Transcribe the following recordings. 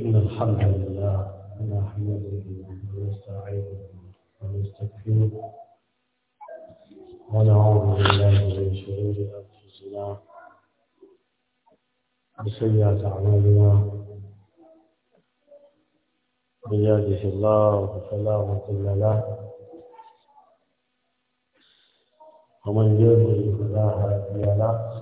إن الحمد لله نحمده ونستعينه ونستغفره ونعوذ بالله من شرور أنفسنا وسيئات أعمالنا من الله فلا مضل له ومن يضلل فلا هادي له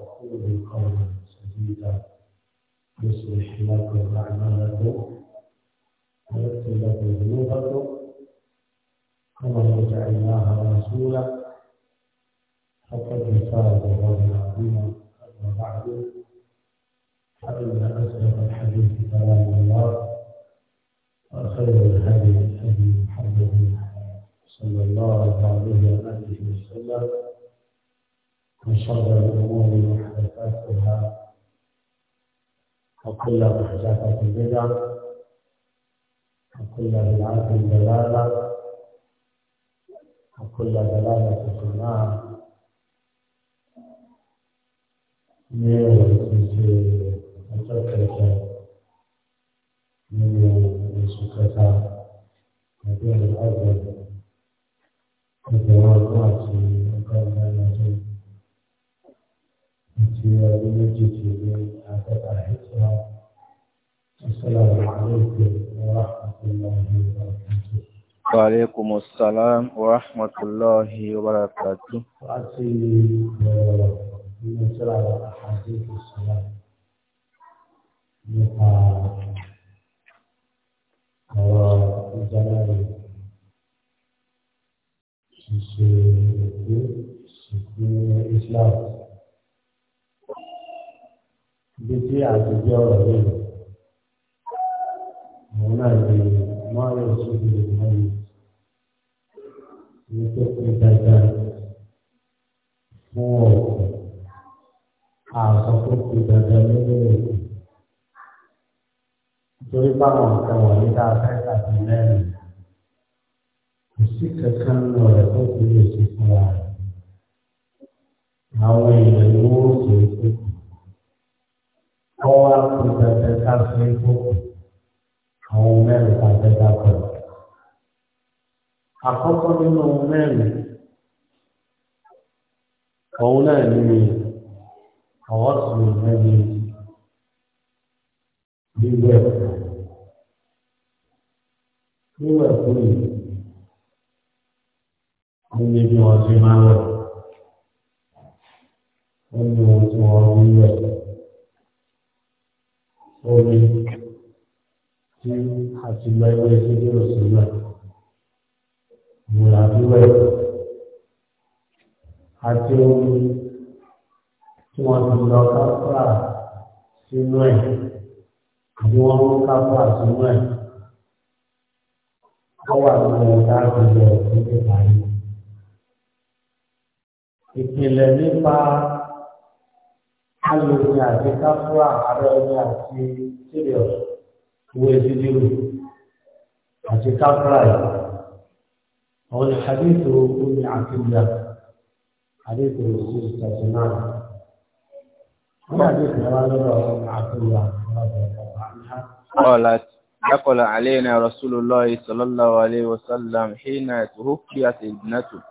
وقولوا قولا سديدا يصلح لكم أعمالكم ويغفر لكم ذنوبكم ومن يطع الله ورسوله فقد فاز فوزا عظيما أما بعد فإن أصدق الحديث كلام الله وخير الهدي هدي محمد صلى الله عليه وآله وسلم وشر الأمور محمد محدثاتها وكل محدثة بدعة وكل بدعة ضلالة وكل ضلالة في النار وعليكم السلام ورحمة الله وبركاته وعسي نسرع حديث السلام نقع وجلال سيكون الإسلام بدي أتجاوز به هنا ما يوصف بالمنزل ní tó pé dandan fún ọ̀sẹ̀ àṣọ tó pé dandan nínú ètò nítorí báwọn nǹkan wọ̀nyí dá afẹ́fẹ́ àti lẹ́nu kò sí kankan nínú rẹ̀ tó kù lè ṣe fúnra rẹ̀ àwọn èèyàn ni wọ́n ṣe é fún ọwọ́ àpò dandan ká ṣe àwọn mẹ́rin tàbí dábàá àkọ́kọ́ nínú mẹ́rin òun náà ní ọwọ́ sí ẹni gbígbẹ́ nígbà tó yìí ní bí wọ́n ti máa wẹ̀ wọ́n ní ohun tí wọ́n ń wẹ̀ omi tí àtìgbà ìwé ìṣèjọ́ sí náà ìrìnàjúwẹ̀ àti omi tí wọ́n ti lọ káfà sínú ẹ̀ àbí wọ́n mú káfà sínú ẹ̀ wọ́n wà nínú ẹ̀ka ìjọ ìdílé báyìí. ìpìlẹ̀ nípa alòmí àti káfúrà ààrẹ ọmọ àti sílẹ̀ ìwé ìdílé àti káfúrà yìí. هو حديث أم عبد حديث الرسول صلى الله عليه وسلم هو حديث أم عبد الله رضي الله عنها قالت دخل علينا رسول الله صلى الله عليه وسلم حين توفيت ابنته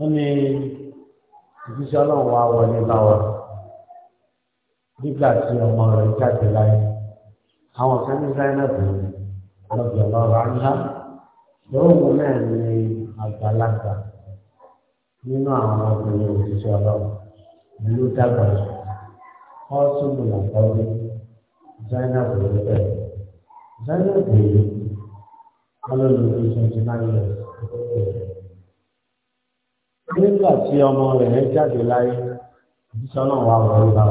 أني ìṣiṣẹ́ ọlọ́run wa wọlé báwa nígbà tí ọmọ rẹ̀ jáde láyé àwọn kan ní zainab lóògùn náà ni àgbàlagbà nínú àwọn ọkùnrin òṣìṣẹ́ ọlọ́run ìlú dàgbà ọ́sùnmù làkọ́bí zainab lóògbé zainab yìí ọlọ́lùmí twenty nine years nígbà tí ọmọ rẹ̀ jáde láyé ìdíṣọ́ náà wà wọ́n bá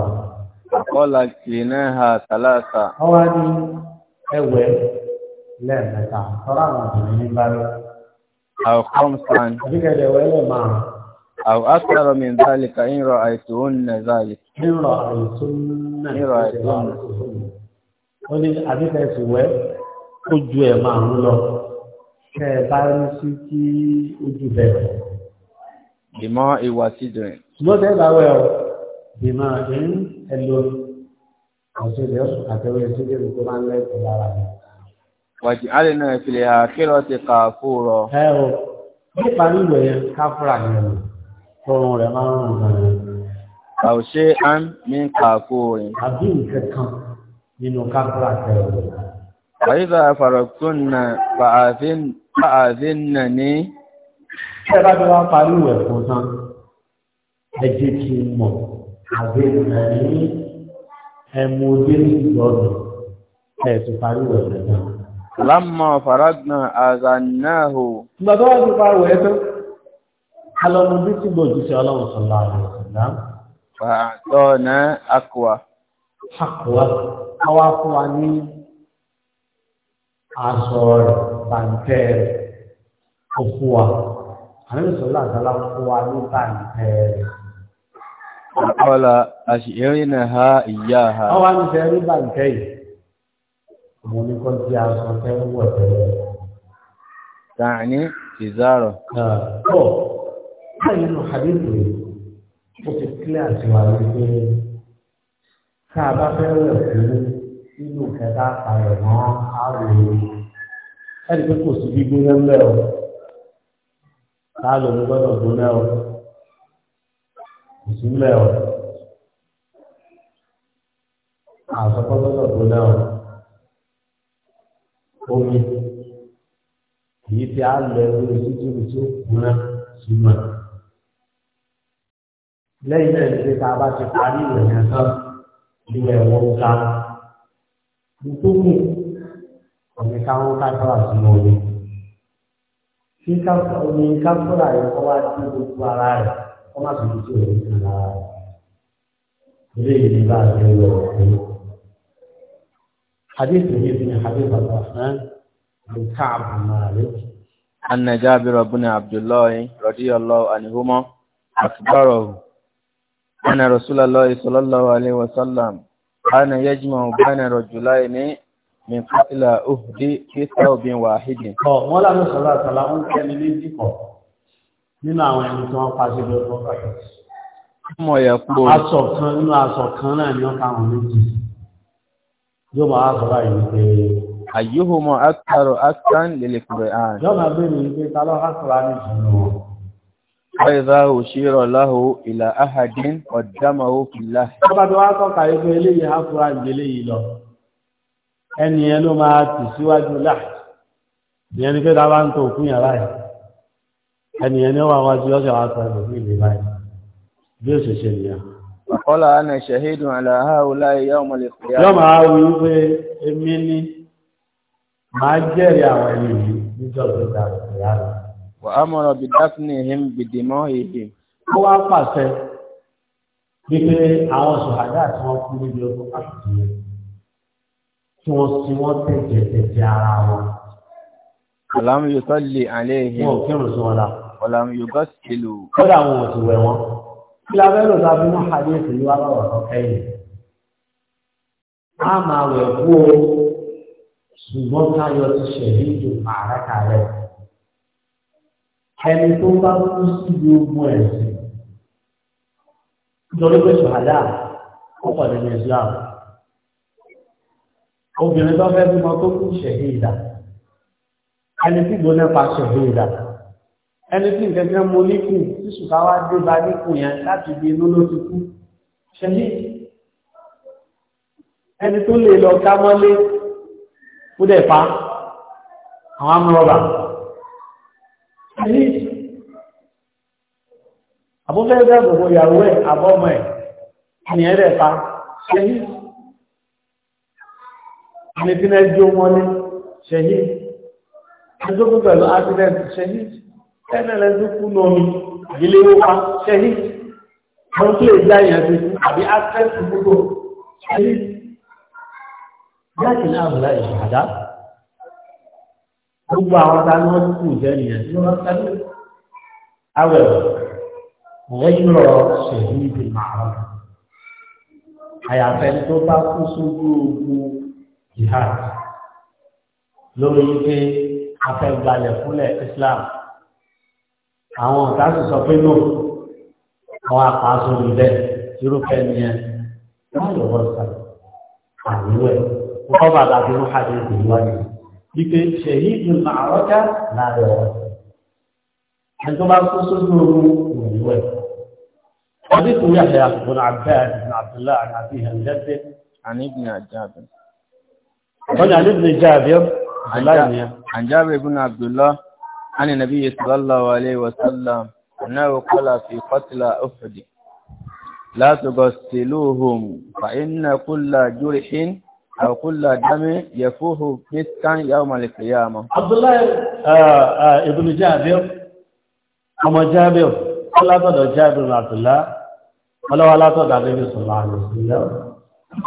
ní lẹ́ẹ̀mẹ́ta tọ́lá àwọn obìnrin ní báyọ̀. àwọn kọ́msán. àbíkẹ́lẹ̀ wẹ́lẹ̀ máa. àwọn akẹ́rọ mi dálìkà ń rọ àìsùn nà záàlì. ń rọ àìsùn nà. ń rọ àìsùn nà. ó ní àbíkẹ́ sì wẹ́ kó ju ẹ̀ máa ń lọ. kẹ́ ẹ bá rí sí kí ojú bẹ̀rẹ̀. ìmọ̀ ìwà sí dùn. ṣùgbọ́n tẹ́ bá wẹ̀ ọ́ ìmọ̀ ẹ̀ ń ẹ̀ lórí. àwọn ṣe àtẹ̀wé sílé ìkó máa ń lẹ́kọ̀ọ́ lára rẹ̀ wàjálìnà ìfìlẹ̀ àkírọ̀ ti kà fúrọ. ẹ o nípa nílò yẹn káfúrà ni ẹ tọrùn rẹ máa ń rùn gan-an. kàwṣe án ní kà fúrọ. àbí nǹkan kan nínú káfúrà tẹ ọ. wàyíbà fàrọ̀túnà fàáfínà ní. ṣé ẹ bá ti wá parí ìwẹ̀ fún tán ẹ jẹ́ kí n mọ̀ àgbẹ̀nà ní ẹmu dé ìgbọ́dọ̀ ẹ̀ tó parí ìwẹ̀ fún tán. Lámọ̀ fàrágbà àzànáhù. Nígbà tó wọ́n ti pa wẹ̀ tó, alọ́nu bí tí gbòjì sí ọlọ́run sọ̀lá rẹ̀ sọ̀lá. Fàtọ́ ní àkùwà. Àkùwà, àwa fún wa ní aṣọ rẹ̀, bàǹtẹ́ rẹ̀, ó fún wa. Àmì sọ̀lá àtàlà fún wa ní náà ha ìyá ha. Wọ́n wá ní sẹ́rí bàǹtẹ́ yìí mo ní kọ́ di aṣọ tẹ́ ń wọ̀ tẹ́lẹ̀. Tàní ìzárọ̀. Bọ̀ báyìí nù àdéhùn rẹ̀ ó ti kílẹ̀ àti wà wípé tá a bá fẹ́ wẹ̀ fún nínú kẹta àpàrẹ̀ mọ́ àrùn ẹni pé kò sí gbígbóná ń bẹ̀ o láàlú ló gbọ́dọ̀ gbóná o kò sí ń bẹ̀ o àsọpọ̀ gbọ́dọ̀ gbóná o omi èyí tí a lọ ẹrú títúrú tí ó kúnná súnmọ́. lẹ́yìn náà ṣe tá a bá ti parí ìròyìn tán ìwẹ̀ wọn ká nítorí omi káwọn kájọ́ra súnmọ́ omi. kí omi kájọ́ra yẹn kọ́ wá sí gbogbo ara rẹ̀ kọ́ má sì fi tí òun kan lára rẹ̀. ilé ìdíbà ti lọ òun. حديث ابن حبيب الرحمن بن كعب بن مالك أن جابر بن عبد الله رضي الله عنهما أخبره أن رسول الله صلى الله عليه وسلم كان يجمع بين رجلين من قتل أهدي في ثوب واحد. wọ́n صلى الله عليه وسلم kẹ́ni méjì kọ̀ nínú àwọn ẹni tí wọ́n pàṣẹ lọ́wọ́ pàṣẹ. ọmọ yẹ kúrò. aṣọ kan nínú aṣọ kan náà ni wọ́n kà méjì yóò máa sọ báyìí pé. àyíhùmọ̀ akitaro akitan lèlè kùrẹ̀ àn. yóò máa bèèrè wípé ta ló hásọ̀rọ̀ á ní ìṣúná wọn. Fáìzá òṣèrò láhù ìlà áhàdín ọ̀dámà ó kìlá. Wọ́n wá tọ́ka yìí eléyìí á fura ìgbélé yìí lọ. Ẹni ẹ ló máa tì síwájú láà. Ìyẹn ni pé ta bá ń tó òkú yàrá yìí. Ẹni ẹ ní wàá wájú ọ̀sẹ̀ wa sọ ẹ̀dùn ní ìlú báyìí. Bí ó ṣe ṣe nìyẹn. Ọlá àna ṣẹ̀hídùn àlàáhà oláyé yá ọmọ lè pè á. bụ á wí èmi ni máa jẹ́rìí àwọn ẹni yìí níjọba ìgbà ìyá rẹ̀. Wà á mọ̀rọ̀ bí him bìdì mọ́ èdè. Ó wá pàṣẹ wípé àwọn ṣùgbọ́n àti wọn kú níbi ọkọ̀ yẹn. wọ́n wọ́n tẹ̀jẹ̀ tẹ̀jẹ̀ ara wọn. àlẹ́ ò kírun sí wọn kílábẹ́lò tàbí mọ́ àdéhùn yìí wá lọ́wọ́ ọ̀kẹ́yìn a máa wẹ̀ kú o ṣùgbọ́n táyọ̀ ti ṣẹ̀lẹ̀ ìjò àràkà rẹ̀ ẹni tó bá kú síbi ogun ẹ̀sìn nítorí pé ṣàdá ọ̀pọ̀ nínú Islam obìnrin tó fẹ́ bímọ tó kú ṣẹ̀lẹ̀ ìdá ẹni tí gbóná pa ṣẹ̀lẹ̀ ìdá ẹni tí nǹkan mú níkù tí ṣùkáwá dé bá níkù yẹn láti bí inú ló ti kú ṣẹlẹ̀ ẹni tó lè lọ ká mọ́lé ó dẹ̀ pa àwọn amúrọ̀bà ṣẹlẹ̀ àbúfẹ́ dẹ́gbogbo ìyàwó ẹ̀ àbọ́mọ̀ ẹ̀ ni ẹ̀ dẹ̀ pa ṣẹlẹ̀ ẹni tí náà jó mọ́lé ṣẹlẹ̀ ẹjọ́ pẹ̀lú accident ṣẹlẹ̀ ẹ̀nà lẹ́sùn kú lómi ìdílé wọ́pá ṣẹ́yìn wọ́n tó lè dá ìyẹn sí àbí áṣẹ́sì gbogbo ṣẹ́yìn láti náà múlá ìṣàdá gbogbo àwọn tá ní wọ́n kú jẹ́ ìyẹn tí wọ́n sẹ́lẹ̀ awẹ̀ lẹ́yìn lọ ṣèyí Islam àwọn ọ̀tá sì sọ pé nù àwọn apàṣọ ìlẹ̀ irúfẹ́ nìyẹn láì lọ́wọ́ sàlẹ̀ àníwẹ̀ wọ́n bá dàbí wọ́n hàjẹ́ ìgbìmọ̀lẹ̀ wípé ṣèyí ìlú àrọ́jà láàrẹ̀ ọ̀rọ̀ ẹni tó bá kó sójú ogun òníwẹ̀ حديث يحيى بن عباس بن عبد الله عن أبيه عن جده عن ابن جابر قال عن ابن جابر عن عن النبي صلى الله عليه وسلم أنه قال في قتل أحد لا تغسلوهم فإن كل جرح أو كل دم يفوه مسكا يوم القيامة عبد الله ابن جابر ọmọ jábìr ọlátọ̀dọ̀ jábìr àtìlá ọlọ́wọ́ látọ̀dọ̀ àbẹ́bí sọ̀rọ̀ àrùsílẹ̀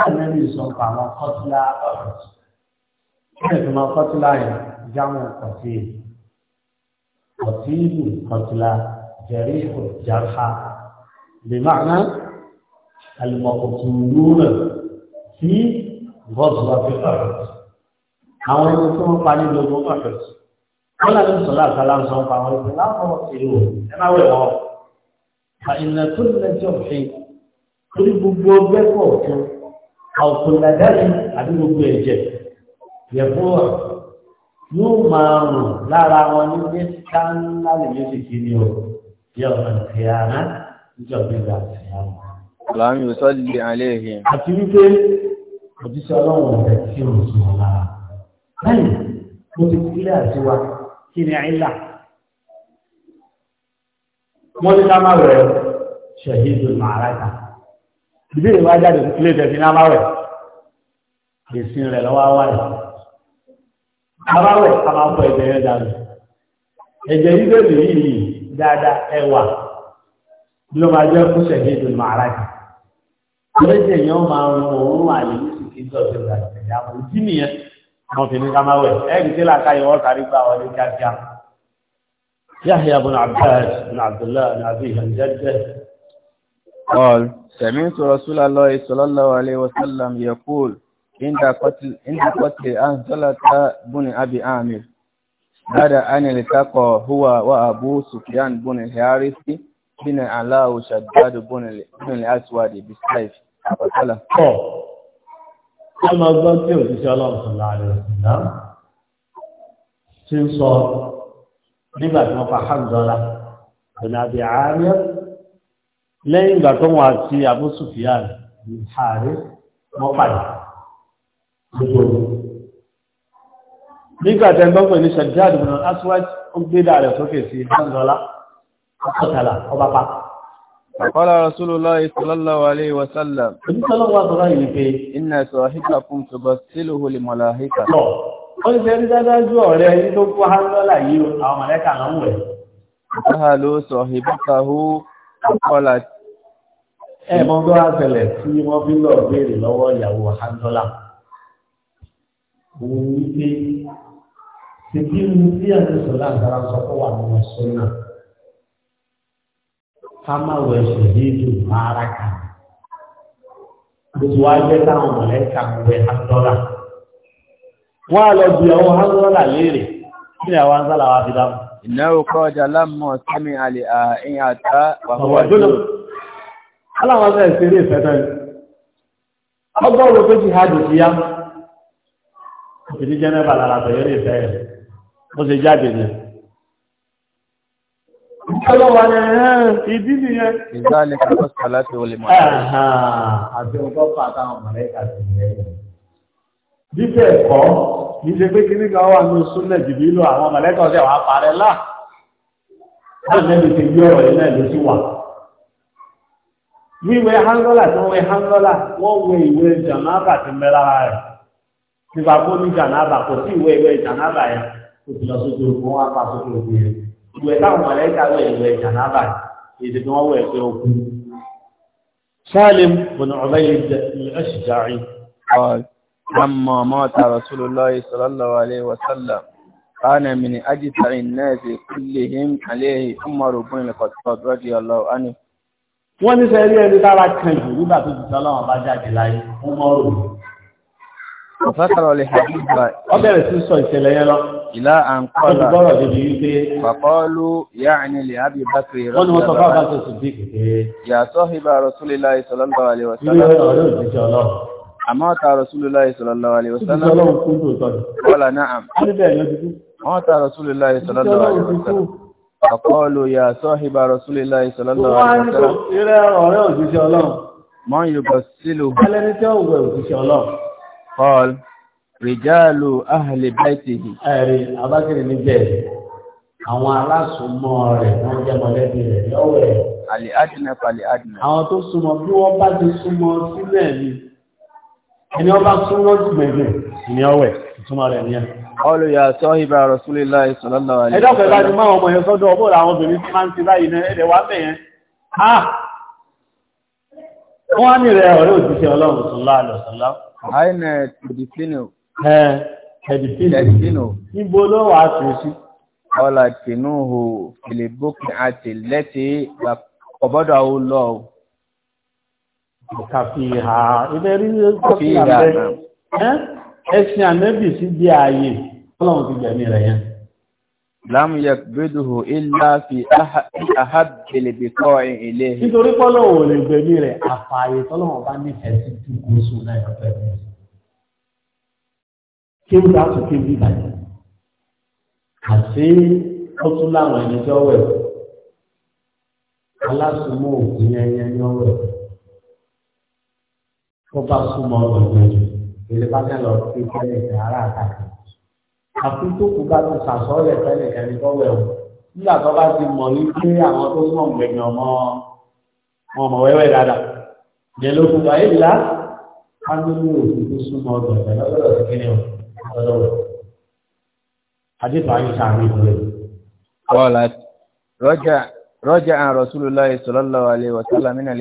ọ̀nàbí sọ̀kọ̀ àwọn kọ́tílá ọ̀rọ̀ ẹ̀fìmọ̀ kọ́tílá yẹn jámù kọ̀tíyè قتيل القتلى جريح الجرحى بمعنى المقتولون في غزوة أحد àwọn ẹni tí wọ́n pa nínú ogun ọ̀fẹ́ wọ́n láti sọ̀rọ̀ àkàlà ń sọ pa àwọn ìpínlẹ̀ láwọn ìlú ẹ máa wẹ̀ wọ́n fa ìnà tó lè jẹ́ òfin torí gbogbo ọgbẹ́ kọ̀ọ̀kan àwòkùnlẹ̀ dárí àbí gbogbo ẹ̀jẹ̀ yẹ̀ fún ọ̀rọ̀ yóò máa rùn lára wọn ní pé káńlálì ló sì kí ni o yẹ ọ̀rọ̀ ìkẹyàrá níjọba ìgbà ìkẹyàrá. Àlàmì ò sọ́lì alẹ́ ìhìn. Àti wípé òjíṣẹ́ ọlọ́run rẹ̀ tí ò sí wọn lára. Bẹ́ẹ̀ni, mo ti kílẹ̀ àti wa kí ni àìlà. Wọ́n ní ká máa wẹ̀ ṣẹ̀hídù màráìkà. Ìbéèrè wá jáde ilé ní Amáwẹ̀. Èsì rẹ̀ lọ́wọ́ wáyé aláwẹ̀ aláfọ ẹ̀jẹ̀ yẹn dànù ẹ̀jẹ̀ yìí bèbè yìí dáadáa ẹwà ló máa jẹ́ fún ṣẹ̀dí ìdùnnú màrá yìí ẹ̀jẹ̀ yẹn máa ń rún òun wà ní oṣù kí n tọ́ sí ìgbà ìgbà àwọn ìdí nìyẹn àwọn òfin ní kámáwẹ̀ ẹ̀rì tí làákà yẹn wọ́n kárí gbà wọlé kíákíá. يحيى بن عباس بن عبد الله قال سمعت رسول الله صلى الله عليه وسلم يقول inda kwatil an talata bin abi amir bada an iltaqo huwa wa abu sufyan bin al-harith bin ala shaddad bin al-aswad bi sayf fa sala ko ama gbọ́ tí ó ti sala sallallahu alaihi wasallam tin sọ nígbà tí wọ́n pa hamdala bin abi amir lẹ́yìn ìgbà tó wọ́n àti abu sufyan bin harith lójú ọdún. nígbà tẹ́ ń gbọ́pọ̀ ní sọ̀jáde mọ̀ aswad ó gbé dà rẹ̀ sókè sí ìdánilọ́lá ọkọ̀tàlà ọba pa. Àkọ́lá Rasulullah sallallahu alaihi wa sallam. Ojútọ́lọ́ wa sọ̀rọ̀ yìí pé. Inna sahibakum tubashiruhu lil malaika. Lọ, ó ṣe ń dájú ọ̀rẹ́ yìí tó kó Hanzala òun wípé tètè mu tí àti sọlá àtàrà wà ní ọsùn ká má wọ ẹsẹ yéèdù rárá kà gbogbo ajẹ táwọn mọlẹka wẹ hàndọlà bí ọwọ́ léèrè kí ni àwọn dáhùn. ìnáwó kọjá lámọ wàhùwà jùlọ. ìfẹ́ hajj ti yá. ti ní jẹ́nẹ́bà lára bẹ̀rẹ̀ lè fẹ́ rẹ̀ bó ṣe jáde ni. Ìjọba ni ìdí nìyẹn. Ìgbàlẹ̀ kàkọ́ sàlá ti wọlé mọ́. Àti ọgọ́ pàtàkì mọ̀lẹ́kà ti yẹ. Bíbẹ̀ ẹ̀kọ́, kìí ṣe pé kíní kan wà ní Súnlẹ̀ jìbí lọ àwọn mọ̀lẹ́kà ọ̀sẹ̀ wà parẹ́ lá. Láti ẹni ti gbé ọ̀rọ̀ yìí náà ló nípa kó ní jànáàbà kò sí ìwé ìwé jànáàbà yẹn kò sì lọ sójú ogun wọn pa sójú ogun yẹn ìwé táwọn mọ̀lẹ́kà wẹ̀ ìwé jànáàbà èdè tí wọ́n wẹ̀ pé ogun. سالم بن عبيد الأشجعي قال لما مات رسول الله صلى الله عليه وسلم كان من أجدع الناس كلهم عليه عمر بن الخطاب رضي الله عنه. wọ́n ní sẹ́yìn ẹni tára kan jù nígbà tó ti sọ́lọ́wọ́n bá jáde láyé ó Fọ́sọ̀rọ̀ lè hadith bá. Ó bẹ̀rẹ̀ sí sọ ìṣẹ̀lẹ̀ yẹn lọ. Ìlà à ń kọ́ la. Bọ́lá bèbè yìí pé. Fàkọ́lù Yaani lè Abi Bakri rọ́lá. Wọ́n ni wọ́n sọ fún Abáṣe Sùdík. Ya sahiba Rasulillahi sallallahu alaihi wa sallam. Ilé ọ̀rẹ́ òjijì ọlọ́run. Àmọ́ ta Rasulillahi sallallahu alaihi wa sallam. Ìjọ ọlọ́run kún tó tọ́jú. Wọ́lá náà. Ó ní bẹ́ẹ̀ lọ́dún. Wọ́n ta Rasulillahi sallallahu alaihi wa sallam. Fàkọ́lù ya sahiba Rasulillahi sallallahu alaihi wa sallam. Wọ́n á ní kò Paul rìjáàlù ahàlè báìtìhì. ẹ̀rí abákẹ́rẹ́ níbẹ̀ àwọn aláṣùmọ́ rẹ̀ wọ́n jẹ́ mọ̀lẹ́bí rẹ̀ lọ́wọ́ ẹ̀. àlè àdìnà palè àdìnà. àwọn tó súnmọ́ bí wọ́n bá ti súnmọ́ sílẹ̀ ni ẹni wọ́n bá súnmọ́ jù gbẹ̀gbẹ̀ ni ọwẹ́ ìtumọ̀ rẹ̀ ni ẹ. Ọlù yà sọ ìbá Rasulillah sallallahu alaihi wasallam. Ẹjọ́ pẹ̀lú àti máa ọmọ yẹn sọ́dọ̀ ọbọ̀ àwọn obìnrin tí máa ń ti láyé náà ẹ̀dẹ̀ wà bẹ̀ yẹn. Ah! Wọ́n á ní rẹ̀ ọ̀rẹ́ òjíṣẹ́ Ọlọ́run sallallahu alaihi wasallam àìnà tẹ̀dífínù. ẹ tẹ̀dífínù. níbo ló wà á tún sí. ọ̀là tìǹhù fìlìbùkì àti lẹ́tì ọ̀bọ̀dọ̀ àwọn o kàfíhà ibẹ̀ rí kọ́fíhà bẹ́ẹ̀ ẹ̀sìn ànẹ́bì sí bí ààyè ọlọ́run ti gbẹ̀mí rẹ̀ yẹn lámú yẹ gbẹ́dùhù ilá fi àhábìlìbìkọ́ ilé ẹ̀. nítorí pọ́lọ̀ ò lè gbẹ̀mí rẹ̀ àfààyè tọ́lọ́wọ́n bá nífẹ̀ẹ́ sí ju oṣù náà ẹ̀fẹ́ rẹ̀. kéwù láti kéwù ìbàjẹ́ àti ó tún láwọn ẹni tí ó wẹ̀ aláṣùmọ̀ òkú yẹn yẹn ni ó wẹ̀ tó bá súnmọ́ ọ̀gbìn ilé bá kẹ́ lọ sí kẹ́lẹ̀ ìdára àtàkùn àfi tó kù bá ti sàsọ́ọ̀lẹ̀ tẹ́lẹ̀ kẹ́ni tó wẹ̀ o nígbà tó bá ti mọ̀ ní pé àwọn tó mọ̀ gbẹ̀yìn ọmọ ọmọ wẹ́wẹ́ dáadáa ìyẹn ló fún wa èyí lá á ní ní òfin tó súnmọ́ ọdọ̀ ẹ̀ lọ́dọ̀ sí kíni o lọ́dọ̀ wẹ̀. adébáyé ayé sàmì ìwé. wọ́n la rọ́jà rọ́jà àn Rasulullahi sallallahu alaihi wa sallam min al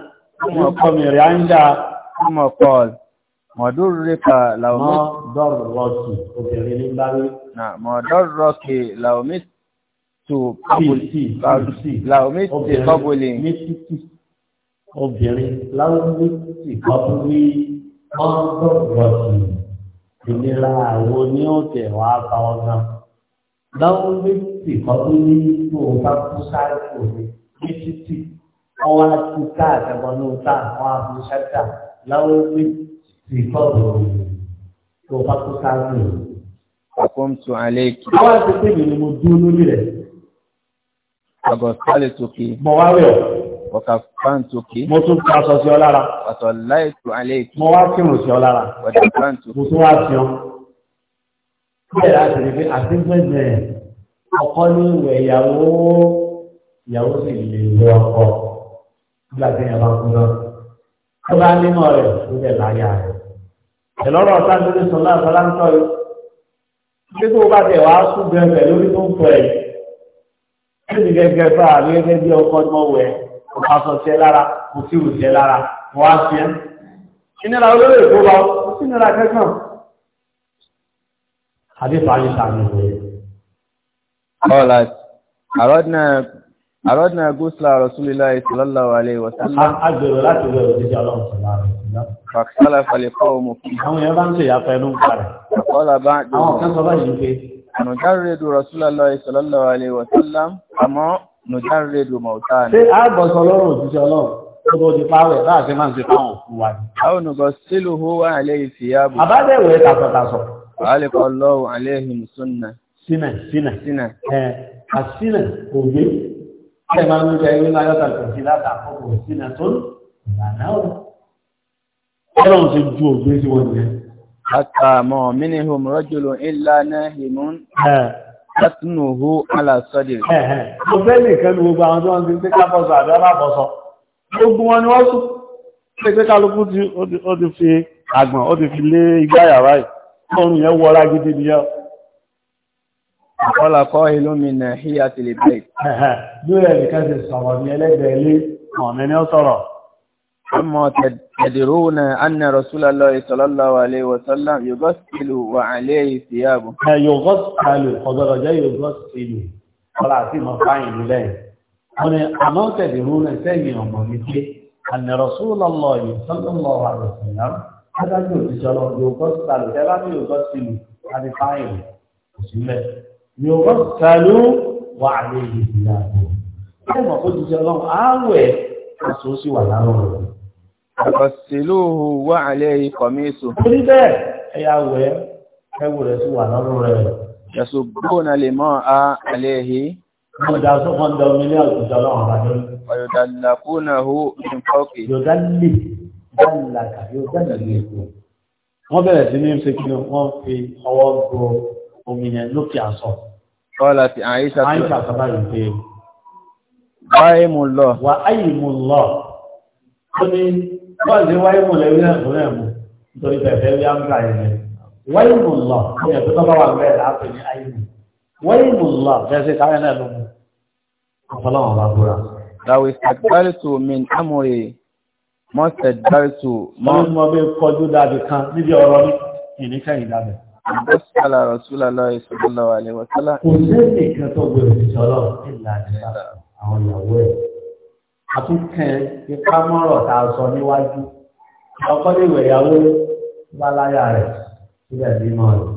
ọmọ ọkọ mi rẹ̀ á ń dá ọmọ ọkọ mọ̀dúrúkà làwọn. mọ̀dọ́rù rọ́ọ̀kì obìnrin ní báwí. mọ̀dọ́rù rọ́ọ̀kì làwọn mi tù kọ́bùlì. làwọn mi tì kọ́bùlì. obìnrin làwọn mi tì kọ́bùlì mọ̀dọ́rù rọ́ọ̀kì ìnira àwọn oníhòtẹ̀ wà á bá wọn náà làwọn mi tì kọ́bùlì tó o bá kú sáré òde ní títì wọ́n wá tú táà tẹ̀gbọ́n ní táà wọ́n á fi ṣẹ́tà láwọn pé rìkọ́ọ̀dù tó bá tó sáájú rẹ̀. Àkóńtù alẹ́ kì. Àwọn àti tèmi ni mo dúró lórí rẹ̀. Àgọ̀sálẹ̀ tókè. Mo wá rẹ̀ ọ́. Ọ̀kà fan tókè. Mo tún ka aṣọ sí ọ lára. Ọ̀tọ̀ láìtò alẹ́ kì. Mo wá kírun sí ọ lára. Ọ̀tọ̀ fan tókè. Mo tún wá sí ọ. Bẹ́ẹ̀ láti rí pé àtẹ́gbẹ́gbẹ́ ọkọ ní ìwẹ̀ ìyàwó ìyàwó sì lè lo ọkọ nígbà tí yẹn bá kú náà tó bá nímọ̀ rẹ̀ ló bẹ̀ láyà rẹ̀ ẹ̀lọ́rọ̀ sáńdúrí sọ náà sọlá ń tọ́ yìí bí tó bá tẹ̀ wá sùn gẹ̀ẹ́fẹ̀ lórí tó ń tọ́ ẹ̀ ẹ̀sì gẹ́gẹ́ fà gẹ́gẹ́ bí ọkọ ní ọwẹ́ ọba sọ sí ẹ lára kò sí òsì ẹ lára wọ́n á sí ẹ ìnira olórí èkó lọ kò sí ìnira kẹ́kàn àdéfà yìí sàmì ìwé. All right àrọ́dìnà gúúsùlà rọ̀súlélà ìsìlọ́láwà alẹ́ ìwọ̀sánlá. agbèrò láti wẹ̀ òjíjẹ́ ọlọ́run sọ̀rọ̀ àrùn. fàkàlà falẹ̀ fọ́ ọmọ kí. àwọn èèyàn bá ń ṣe ìyàfẹ́ inú parẹ̀. àkọ́lá bá dùn. àwọn kan sọ báyìí pé. nùjárèdù rọ̀súlélà ìsìlọ́láwà alẹ́ ìwọ̀sánlá àmọ́ nùjárèdù mọ̀ọ́tà ni. ṣé àgbọ̀sọ̀ lọ́rùn òjíjẹ́ ọlọ́run tó ti pàwẹ̀ láàṣẹ máa ń ṣe fáwọn òkú wa ní. Àwọn olùgbọ́ sílù hó wà alẹ́ ìfì yáàbò. Àbádẹ́wẹ̀ tasọ̀tasọ̀. Àálẹ́kọ̀ lọ́wọ́ alẹ́ ìhìn súnà. Sínà sínà. Sínà. Ẹ̀ àsínà òye Ẹ máa ń jẹ ìwé láyọ́ta ìtòsí láti àkókò sínú tó ìlànà ọ̀rọ̀. Ọlọ́run ti ju ògbé sí wọn jẹ. Àtàmọ̀ mínihùn rọ́jòlò ńlá náà hìmún látìnúhù alàsọ́dì. Mo fẹ́ nìkan ní gbogbo àwọn tí wọ́n ti ń tí kábọ̀sọ̀ àbí alábọ̀sọ̀. Gbogbo wọn ni wọ́n sùn. Ṣé pé kálukú ó ti fi àgbọ̀n ó ti fi lé igbá yàrá yìí. Ọrùn yẹn wọra gidi nìyẹn. Ọlá kọ́ ìlú mi nà hí àti lè bẹ́ẹ̀. Lórí ẹ̀nìkan ti sọ̀rọ̀ ní ẹlẹ́gbẹ̀ẹ́ ilé, ọ̀mí ni ó sọ̀rọ̀. Ọmọ tẹ̀dìrú na Anna Rasulallah sallallahu alaihi wa sallam yóò sílù wà alaihi síyàbù. Yóò sílù ọ̀gọ̀rọ̀ yóò sálú wà ní ìlà àbò. Báyìí mọ̀ fún jíjẹ ọlọ́run, àwẹ̀ aṣọ sí wà lárọ̀ rẹ̀. Àkọsílù wà alẹ́ ikọ̀ mi sùn. Ó ní bẹ́ẹ̀ ẹ̀yà wẹ̀ ẹ̀wù rẹ̀ sí wà lárọ̀ rẹ̀. Yàtò gbóná lè mọ́ a alẹ́ yìí. Wọ́n da sọ fún ọdọ mi ní àkùjọ ọlọ́run àbájọ́. Ọ̀yọ̀dàlàkú náà hó ìfọ́kì. Yọ̀dálì, dálàkà, yọ̀dálì èkó. Wọ́n bẹ̀rẹ̀ sí ní ṣe wọ́n fi ọwọ́ gbọ́ Kọ́lá ti Àìṣà tó Àìṣà kọba ìpé. Wáyémù lọ. Wà áyìmù lọ. Ó ní bọ́ọ̀ sí wáyémù lẹ́wí náà tó rẹ̀ mú nítorí bẹ̀rẹ̀ wí áńgà ẹ̀rẹ̀. Wáyémù lọ. Ó yẹ kó tọ́ba wà bẹ́ẹ̀ láàpẹ̀ ní áyìmù. Wáyémù lọ. Bẹ́ẹ̀ sí káyọ̀ náà ló mú. Ọ̀pọ̀lọ́wọ̀n bá búra. Dàwí sàgbárìtò mi àmúre mọ́sẹ̀ mọ́. Mọ́ bí kọjú dáadé kan níbi ọ̀rọ̀ mi, ìníkẹ́ ìdábẹ̀. Àbọ̀sílá Rasulá lọ́wọ́ ìṣòlọ́ wà ní wọ́tálá. Kò sẹ́ẹ̀dì kan tó gbèrò ìṣọ́lọ̀ ìlà nípa àwọn ìyàwó ẹ̀. Àtúnkẹ́ ipá mọ́rọ̀ tá a sọ níwájú. Ọkọ ní ìwẹ̀ ìyàwó bá láyà rẹ̀ síbẹ̀ bímọ rẹ̀.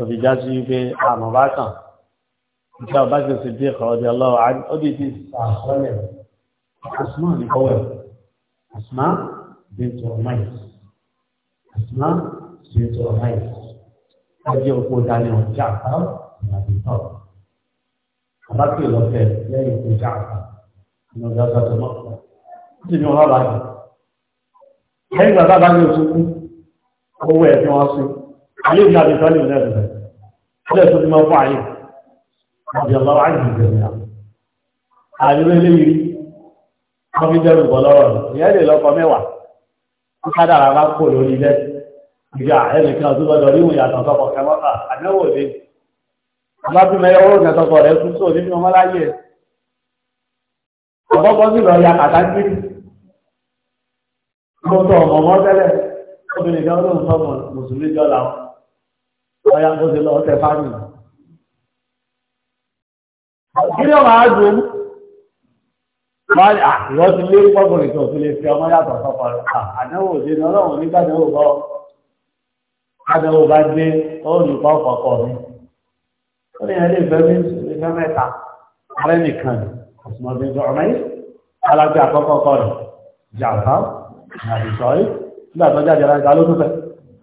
Òfin já sí wípé àmọ́ bá kàn. Ìjọ bá ti sì dé ọ̀rọ̀ di ọlọ́wọ́ ó di ti sàkọlẹ̀. Àsùmá ní kọ́wẹ̀. Àsùmá bí tó ọmọ yìí. Àsùmá bí tó ọmọ yìí ọjọ́ òkú dání ọjà kan ìrìnàjò tọ̀. Àbákì ìlọ́fẹ̀ lẹ́yìn òkú ìjà kan ní ọjọ́ sọ́tọ̀ náà. Ó sì ní ọlá bàjẹ́. Lẹ́yìn ìgbà bàbá ní oṣù owó ẹ̀ tí wọ́n sí. Ayé ìjà àti ìtọ́lé ìlú ẹ̀rọ rẹ̀. Ó lẹ̀ máa fún ayé. Ọ̀dì ọ̀lọ́ àyè ìbẹ̀rẹ̀ yà. Àyẹ̀wò eléyìí wọ́n fi dẹ́rù bọ́ lọ́rọ̀. Ìyá ilé lọ́kọ mẹ́wàá. Ó kádàrà máa ń lórí lẹ́sìn ìyá ẹnìkan tó gbọdọ̀ níwọ̀n yàtọ̀ sọ́kọ̀ kẹmọ́ta àdánwò lè alábìmọ̀ ẹ̀yọ́ òrùn ẹ̀tọ́kọ̀ rẹ̀ tún sóò nínú ọmọ láyé ẹ̀ ọ̀pọ̀pọ̀ sí lọ ya kàtà gírí mo tọ ọmọ mọ́ tẹ́lẹ̀ obìnrin kan ló ń sọmọ mùsùlùmí jọ làwọn ọya kó ti lọ ọtẹ fáàmì kí ló máa dùn wọ́n ní àlọ́ ti lé pọ́kùnrin tó fi lè fi ọmọ yàtọ̀ sọ́kọ̀ rẹ̀ àdánwò òde ni ọlọ́run nígbàdánwò adéwò bá gbé olùkọ́ ọ̀kọ̀ọ̀kọ̀ mi ó ní ẹni ìfẹ́ mi ìfẹ́ mẹ́ta alẹ́ nìkan ọ̀sùnmọ̀bí ìjọ ọ̀rọ̀ yìí alágbé àkọ́kọ́ kọ́ rẹ̀ jàǹfà nàbì sọ́rí nígbà tó jáde láìka ló tún fẹ́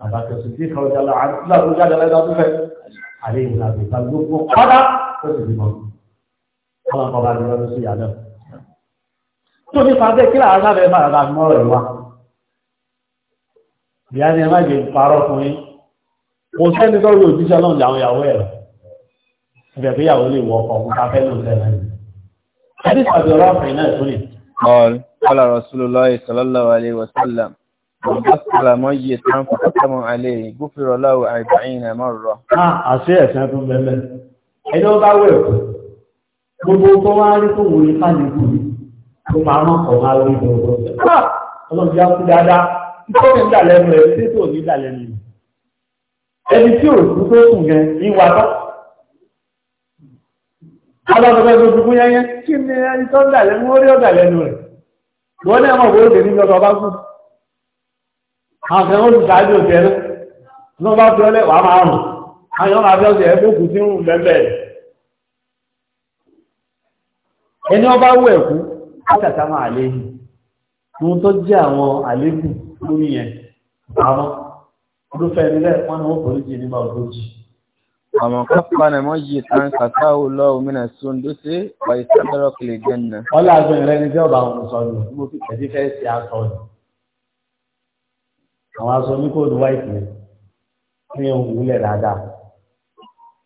àbàkẹ́ sì tí kan jáde nígbà tó jáde láìka tún fẹ́ àlẹ́ ìlànà ìgbà gbogbo kọ́dá ó sì bímọ ọlọ́kọ̀ bá ní lọ́dún sí ìyàlẹ́ tó nípa bẹ́ẹ̀ kí làwọn sábẹ́ máa kò sẹ́ni sọ́rọ̀ òjíṣẹ́ ọlọ́run jà àwọn ìyàwó ẹ̀ ẹ̀bẹ̀ pé ìyàwó lè wọ ọkọ̀ fún káfẹ́ ló sẹ́nà ní ẹ̀dí sàbẹ̀rọ̀ ọkùnrin náà tó lè. قال قال رسول الله صلى الله عليه وسلم من غسل ميتا فختم عليه غفر له أربعين مرة. àṣé ẹ̀sán tó bẹ̀rẹ̀ ẹni ó bá wẹ̀ kú gbogbo tó wá rí tó wù ní kálíkù ni tó máa rán kọ̀ máa lórí gbogbo ọ̀sẹ̀. ọlọ́run ti á kú dáadáa nítorí ń dà lẹ́nu ẹ̀ títí ò ní dà lẹ́nu ẹni tí ò tó sùn yẹn ní wa bá. alábọ̀dá tó dùkú yẹn yẹn kí ni ẹni tó ń dà lẹ́nu ó ọ̀dà lẹ́nu rẹ̀ wọ́n ní àwọn òwúrò tèmi lọ́dọ̀ ọba kú. àwọn kan ó ti òkè náà ní wọ́n bá fi ọlẹ́ wàá máa rùn àwọn ọmọ abẹ́ ọ̀sẹ̀ ẹ̀fọ́ kù sí ń rùn bẹ́ẹ̀ ẹni ọba wù ẹ̀kú látàtà máa lé ohun tó àwọn àlékún lórí yẹn àwọn irúfẹ́ ilé ẹ̀kọ́ ni wọ́n foríjì nígbà ogójì. àmọ́ kápá ni wọ́n yí kan kàkà òlò òmìnira sundu sí pàìsàbẹ̀rọ̀ kìlẹ̀ jẹ́nà. wọ́n láàbọ̀ ìrẹ́ ni tí ọba àwọn sọnù mo fi kẹ̀sí fẹ́ ṣe aṣọ ni. àwọn aṣọ ní kóòdù white ni ní ohun ìwúlẹ̀ dáadáa.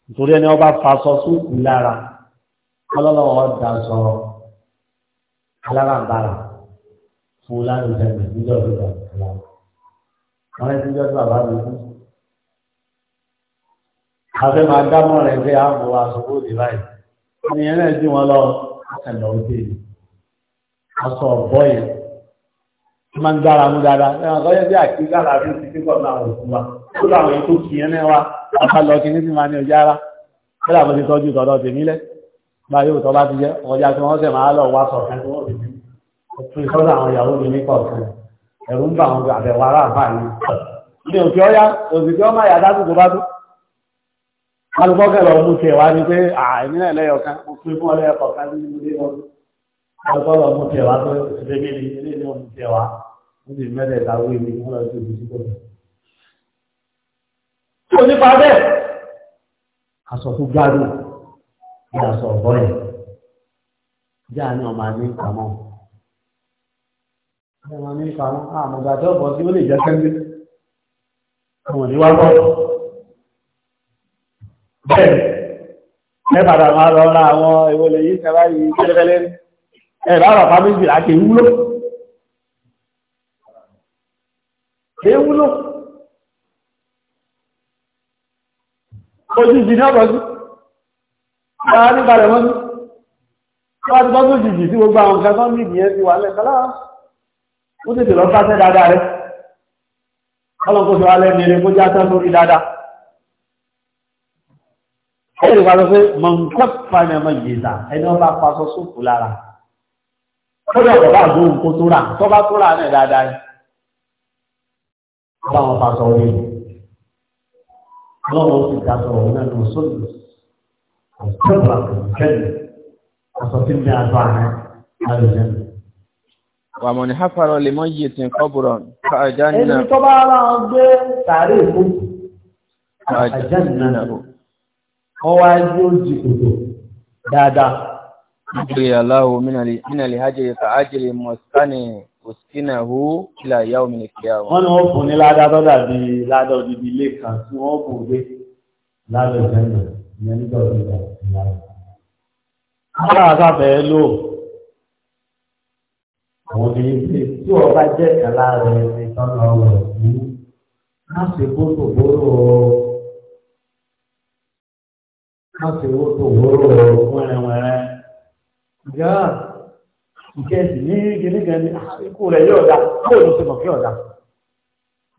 nítorí ẹni ọba faṣọ súùkù lára ọlọ́lọ́wọ́ da sọ alárànbarà fún lánàá ìjọba ìjọba ìjọba àwọn ẹni tí wọ́n bàbá mi fún. afẹ́ máa dámọ̀ rẹ̀ pé ààbò aṣọ́gbó di báyìí wọ́n yẹn náà jí wọn lọ ẹ̀lọ́ òde aṣọ ọ̀bọ yẹn wọ́n máa ń dára mú dáadáa ẹ̀wọ̀n kọ́ yẹn bí àkíńkà láti ti kíkọ́ náà wò fún wa tó láwọn ètò kìíyẹn náà wá apá lọ kí ní ti máa ní ọjà ara kọ́lá mo ti tọ́jú tọ́dọ̀ tèmi lẹ́ bá yóò bá ti jẹ́ ọjà tí wọ́n sẹ̀ máa lọ wá sọ̀kan tí wọ́n ti fi ọ̀tún àwọn ìyàwó mi ní kọ̀ọ̀kan ẹ̀rù ń bà wọn àbẹ̀wò ará àbáyé ní òkè ọ̀yá òsìkè ọmọ àyà dá gbogbo bá tó alùpùpù kẹlẹ̀ ọmú tiẹ̀ wá ní pé àìní náà lẹ́yọ̀ kan mo pín fún ọlẹ́yọ̀ kọ̀ọ̀kan ní ilé wọn alùpùpù ọmú tiẹ̀ wá tó ṣe mí ní ilé ní ọmú tiẹ̀ wá ó sì mẹ́lẹ̀ ìdáwó ìlú wọn lọ sí ìbùsí kò tó nípa bẹ́ẹ̀ aṣọ tó gbádùn ní aṣọ ọ̀bọ yẹn jáà ní ọmọ àní ìkàmọ́ ẹ máa ní kàánú àmọ̀gbà tó bọ̀ sí ó lè jẹ́ sẹ́ńdé àwọn ìwà gbọ́ bẹ́ẹ̀ ẹ padà máa lọ ra àwọn ìwọlẹ̀ yìí kẹwà yìí kẹ́lẹ́kẹ́lẹ́ ẹ bá rọ̀ pa méjì láti wúlò ẹ wúlò ojújì ní ọ̀pọ̀ sí láàrín balẹ̀ mọ́sí wọ́n ti bọ́ sí ojújì sí gbogbo àwọn nǹkan tó ń bì ti wà lẹ́kọ̀ọ́ ó tètè lọ sáṣẹ́ dáadáa rẹ̀ ọlọ́kọ̀ sọ alẹ́ mẹ́rin kó já sórí dáadáa ẹ̀rì wà lọ pé mọ̀nkọ́ fanẹ̀mọ̀ yìíta ẹni ọba paṣọ sókù lára kódà bàbá àgbóhùn kó tó rà tó bá tó rà náà dáadáa ni ọba wọn paṣọ orí ọlọ́run sì dáṣọ òun náà lọ sóòlù ọ̀sẹ̀ ìgbà kẹ̀kẹ́ àṣọ tí ń bẹ àtọ àná àlùjẹ́ wà mọ̀ ní háfàrọ̀ lè mọ́ yìí tí ń kọ́bùrọ̀ fàájánínà ẹni tó bá rán ọ gbé tààrí ìkú fàájánínà ọ wá ẹgbẹ́ òjì kòtò dáadáa. Ìgbèrè kílà ìyá òmìnir kìíyà wọn. Wọ́n ni wọ́n fún ní ládá dàbí ládá òdìdí ilé kan tí wọ́n kò gbé ládá ìjẹ́nà ìyẹn nígbà òdìdí ìlànà. Wọ́n àwọn ní pé tí wọ́n bá jẹ́ ẹ̀ka láàrin ẹni tán lọ rẹ̀ ní má ṣe bótò bóró má ṣe bótò bóró wẹ́rẹ́wẹ́rẹ́. ǹjẹ́ ìkẹ́sì ní gẹ́gẹ́ ní ah, ikú rẹ̀ yóò dá kó ló ṣe mọ̀ kí ọ̀dà.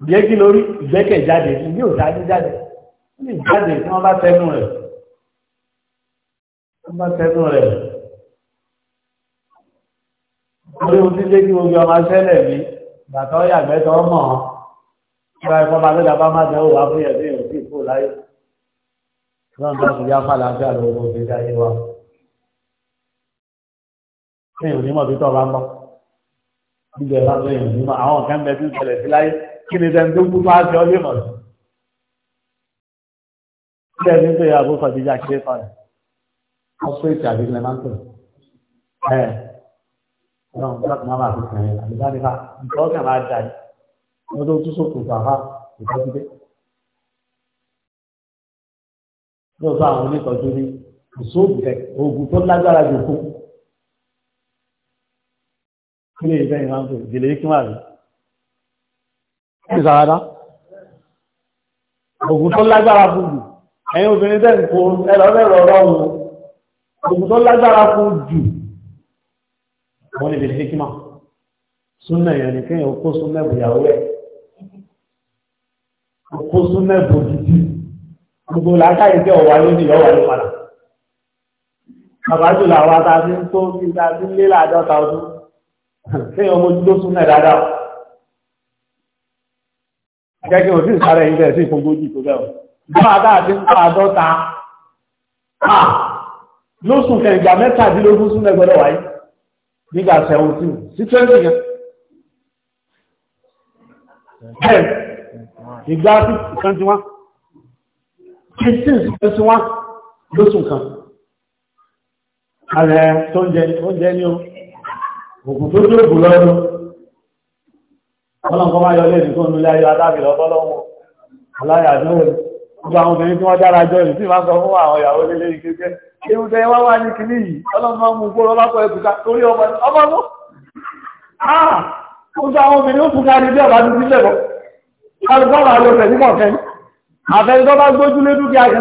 ìgbẹ́gí lórí ìgbẹ́kẹ̀jáde ní òdà jíjáde ní ìjáde tí wọ́n bá tẹnu rẹ̀ wọ́n bá tẹnu rẹ̀ orí ohun títí kí gbogbo ọmọ sẹ́lẹ̀ mi bàtọ́ yàgbẹ́tọ́ mọ̀ ọ́n gba ẹ̀kọ́ máa lọ́dà bá máa dánwò wá fún yẹ̀ bí òsì kò láyé lọ́nà tó yá fàlàáfíà lọ́wọ́ tó fi dáyé wa ní ìròyìn mọ̀ títọ́ bá ń bọ̀ bá tó ìròyìn mọ̀ àwọn kan bẹ tí ń tẹ̀lẹ̀ sí láyé kí ni sẹ́ni tó kú máa fi ọdún mọ̀ sí. Ṣé ẹni tó yà náà nígbà tí wọ́n máa fi kàn yín àlùbá nípa nǹkan ọ̀gá máa dà ní wọ́n tó tún sókùn fàfà ìtọ́jú dé. lóòótọ́ àwọn onítọ́jú ní ìṣòògùn rẹ̀ oògùn tó lágbára jù kú. kí lè bẹ́ẹ̀ ni wọ́n ń pè gèlè kí wọ́n rí. kí sàrádá oògùn tó lágbára fún jù ẹ̀yin obìnrin bẹ́ẹ̀ kó ẹ̀rọ bẹ́ẹ̀ rọrùn oògùn tó lágbára fún jù àwọn níbi hikima súnà yẹn ni kéèyàn kó súnà ìbòyàwó ẹ̀ kó súnà ìbòjìjì gbogbo làákàyè jẹ́ ọ̀wá ló ní ìyọ́wà ló padà àbájò làwọn àtàbí ń tó bí àti lé láàdọ́ta ọdún kéèyàn mojú ló súnà dáadáa gẹ́gẹ́ òsì ìsáré yìí bẹ̀rẹ̀ sí ìfọgbójì tó bẹ̀rẹ̀ bá àtàbí ń pa àdọ́ta ah! lóṣù kẹrìngbà mẹ́tàdínlógún súnà gbọ́dọ̀ wáyé nígbà seventeen sí twenty yẹn. bẹ́ẹ̀ ìgbà twenty one fifteen twenty one lóṣù kan. alẹ́ tó ń jẹ oúnjẹ ní o ògùn tó tó ògùn lọ́dún ọlọ́nkọ́ máa yọ lé nìkan nílé ayé adábìlọ́bọ́lọ́wọ́ aláyà àdánwò gbogbo àwọn obìnrin tí wọ́n dára jọ yìí tí máa sọ fún àwọn ìyàwó lélẹ́ yìí kékeré wá wá ní kìíní yìí ọlọ́run máa mú ẹ̀kúta torí ọmọ ọmọ ọmọ ah àwọn obìnrin ó ní bí ní bá gbójú lé dúkìá ní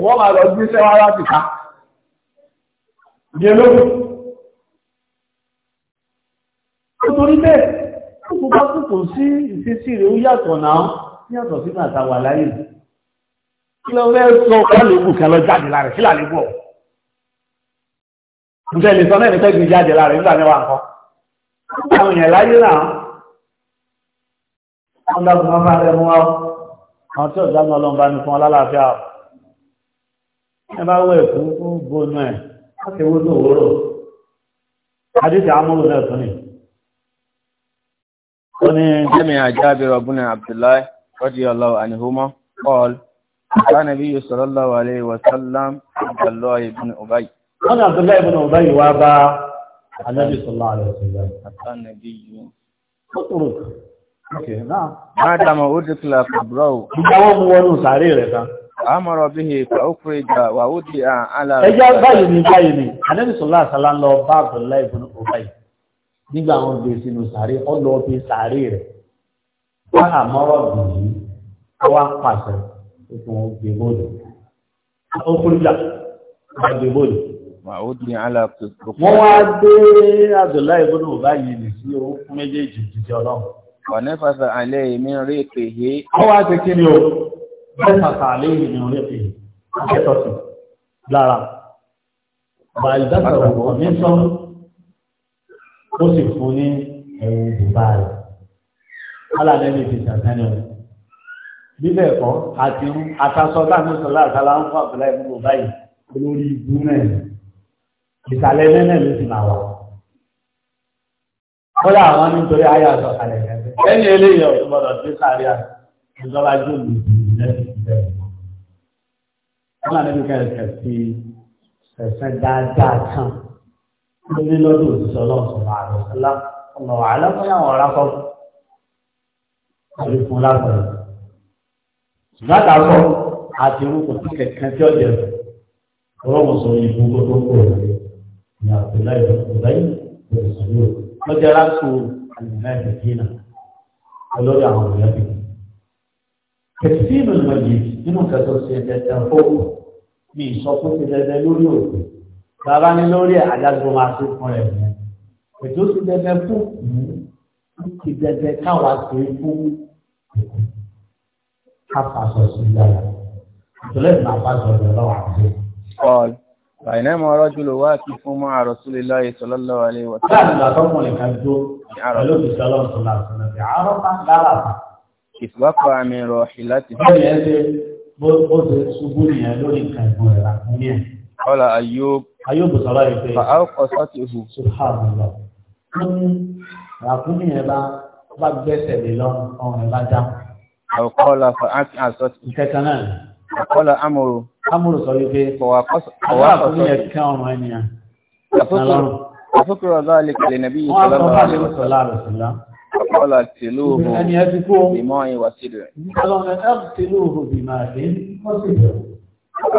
wọ́n máa lọ gbé sẹ́wọ́n láti ká kí ló fẹ́ sọ kálíbù kan lọ jáde lára kí làlébù ọ̀ ǹjẹ́ lè sọ náà nípa ìgbìn jáde lára nígbà mẹ́wàá nǹkan àwọn èèyàn láyé náà wọ́n dákun máa bá rẹ̀ mú wa àwọn tí ọ̀dá náà lọ́nba ní fún ọlálàáfíà ẹ bá wọ ẹ̀kú fún gbóná ẹ̀ láti wó ní òwúrọ̀ adéjà amúrò náà tún ni. ó ní jẹ́mi àjábìrọ̀ bùnà Abdullahi rọ́dí ọlọ́wọ́ àníhùmọ́ paul كان النبي صلى الله عليه وسلم عبد الله بن أبي أنا عبد الله بن أبي وأبا النبي صلى الله عليه وسلم حتى النبي اترك اوكي نعم ما دام ادخل قبره قوم ونو سريره امر به فاخرج وودع على اجا باي ني باي ني النبي صلى الله عليه وسلم لو با عبد الله بن أبي nígbà wọn gbé sínú sàárè ọlọ́ọ̀bí sàárè rẹ̀ wọn àmọ́rọ̀ bìí wọn pàṣẹ ó fún wọn gbé bóòlù ó fún jà wọn gbé bóòlù. wọ́n wá gbé Abdullahi ibùdó bàbá yìí nì sí owó fún méjèèjì jíjẹ ọlọ́run. wọ̀nẹ́fàṣà alẹ́ mi rí pèhé. wọ́n wá ti kí ni o bẹ́ẹ̀ fàṣà alẹ́ mi rí pèhé akẹ́tọ̀ sí lára. bàbá ìdáṣà ọ̀gbọ̀n mi sọ ó sì fún ní ẹ̀yìn bùbá rẹ̀. alàlẹ́ mi fi sàtẹ́ni ọ̀rẹ́ bíbẹ̀ ẹ̀kọ́ àti àtàsọ láàrin sọlá àtàlà ń fà bílá ìmúlò báyìí olórí ibú náà ìsàlẹ̀ nẹ́nẹ̀ ló sì máa wà. kọ́lá àwọn nítorí ayé àtọ̀ kalẹ̀ kẹ́kẹ́ lẹ́yìn eléyìí ọ̀tún gbọ́dọ̀ tí sáré à ìjọba jó lù ú lẹ́sìn bẹ́ẹ̀. wọ́n náà níbi kẹ́kẹ́ sí ẹ̀sẹ̀ dáadáa kan lórí lọ́dún òṣìṣẹ́ ọlọ́sùn àlọ́ ṣùgbọ́n àtàkọ́ àti orúkọ tí kẹ̀kẹ́ tí ọ̀jẹ̀ ọlọ́mọ sọ ìbú kó tó kọ̀ rẹ̀ ní àbúlá ìbúlá ìbùsùn lọ́jọ́ aláṣọ àyìnlá ìbùkínà olórí àwọn ìyàbí. kẹ̀sí ìbùnmọ̀ yìí nínú kẹtọ́ sí ẹ̀jẹ̀ tẹ̀fọ́ ní ìsọfúnni dẹdẹ lórí òkú bàbá ní lórí àdágbò máa tó fún rẹ̀ yẹn ètò ti dẹdẹ fún kù ti dẹdẹ káwa sí fún òkú. حتى سلسلة سلسلة عباس رضي الله عنه قال بينما رجل واقف مع رسول الله صلى الله عليه وسلم لا لا تقوم لكنتو قالوا في صلى الله عليه وسلم في عرفة لا لا إذ وقع من راحلته قال أيوب أيوب صلى الله عليه وسلم فأوقصته سبحان الله رقمي يبا بقى بسبب لهم أو يبا جامع àwòkọ́lá fàáàtì àsọ́tì. ìkẹta náà. àkọ́lá amòrò. amòrò sọ wípé. kọ̀wá kọ́sọ̀. àwọn àkọsílẹ̀ kan ọ̀rọ̀ ènìyàn. àfọkùrọ̀ ọ̀dọ́ àlè kàlẹ̀ nàbí yìí sọlá lọ́wọ́ àlè sọlá àlùsọ̀lá. àkọ́lá tìlú òhò ìmọ̀ ìwà sílẹ̀.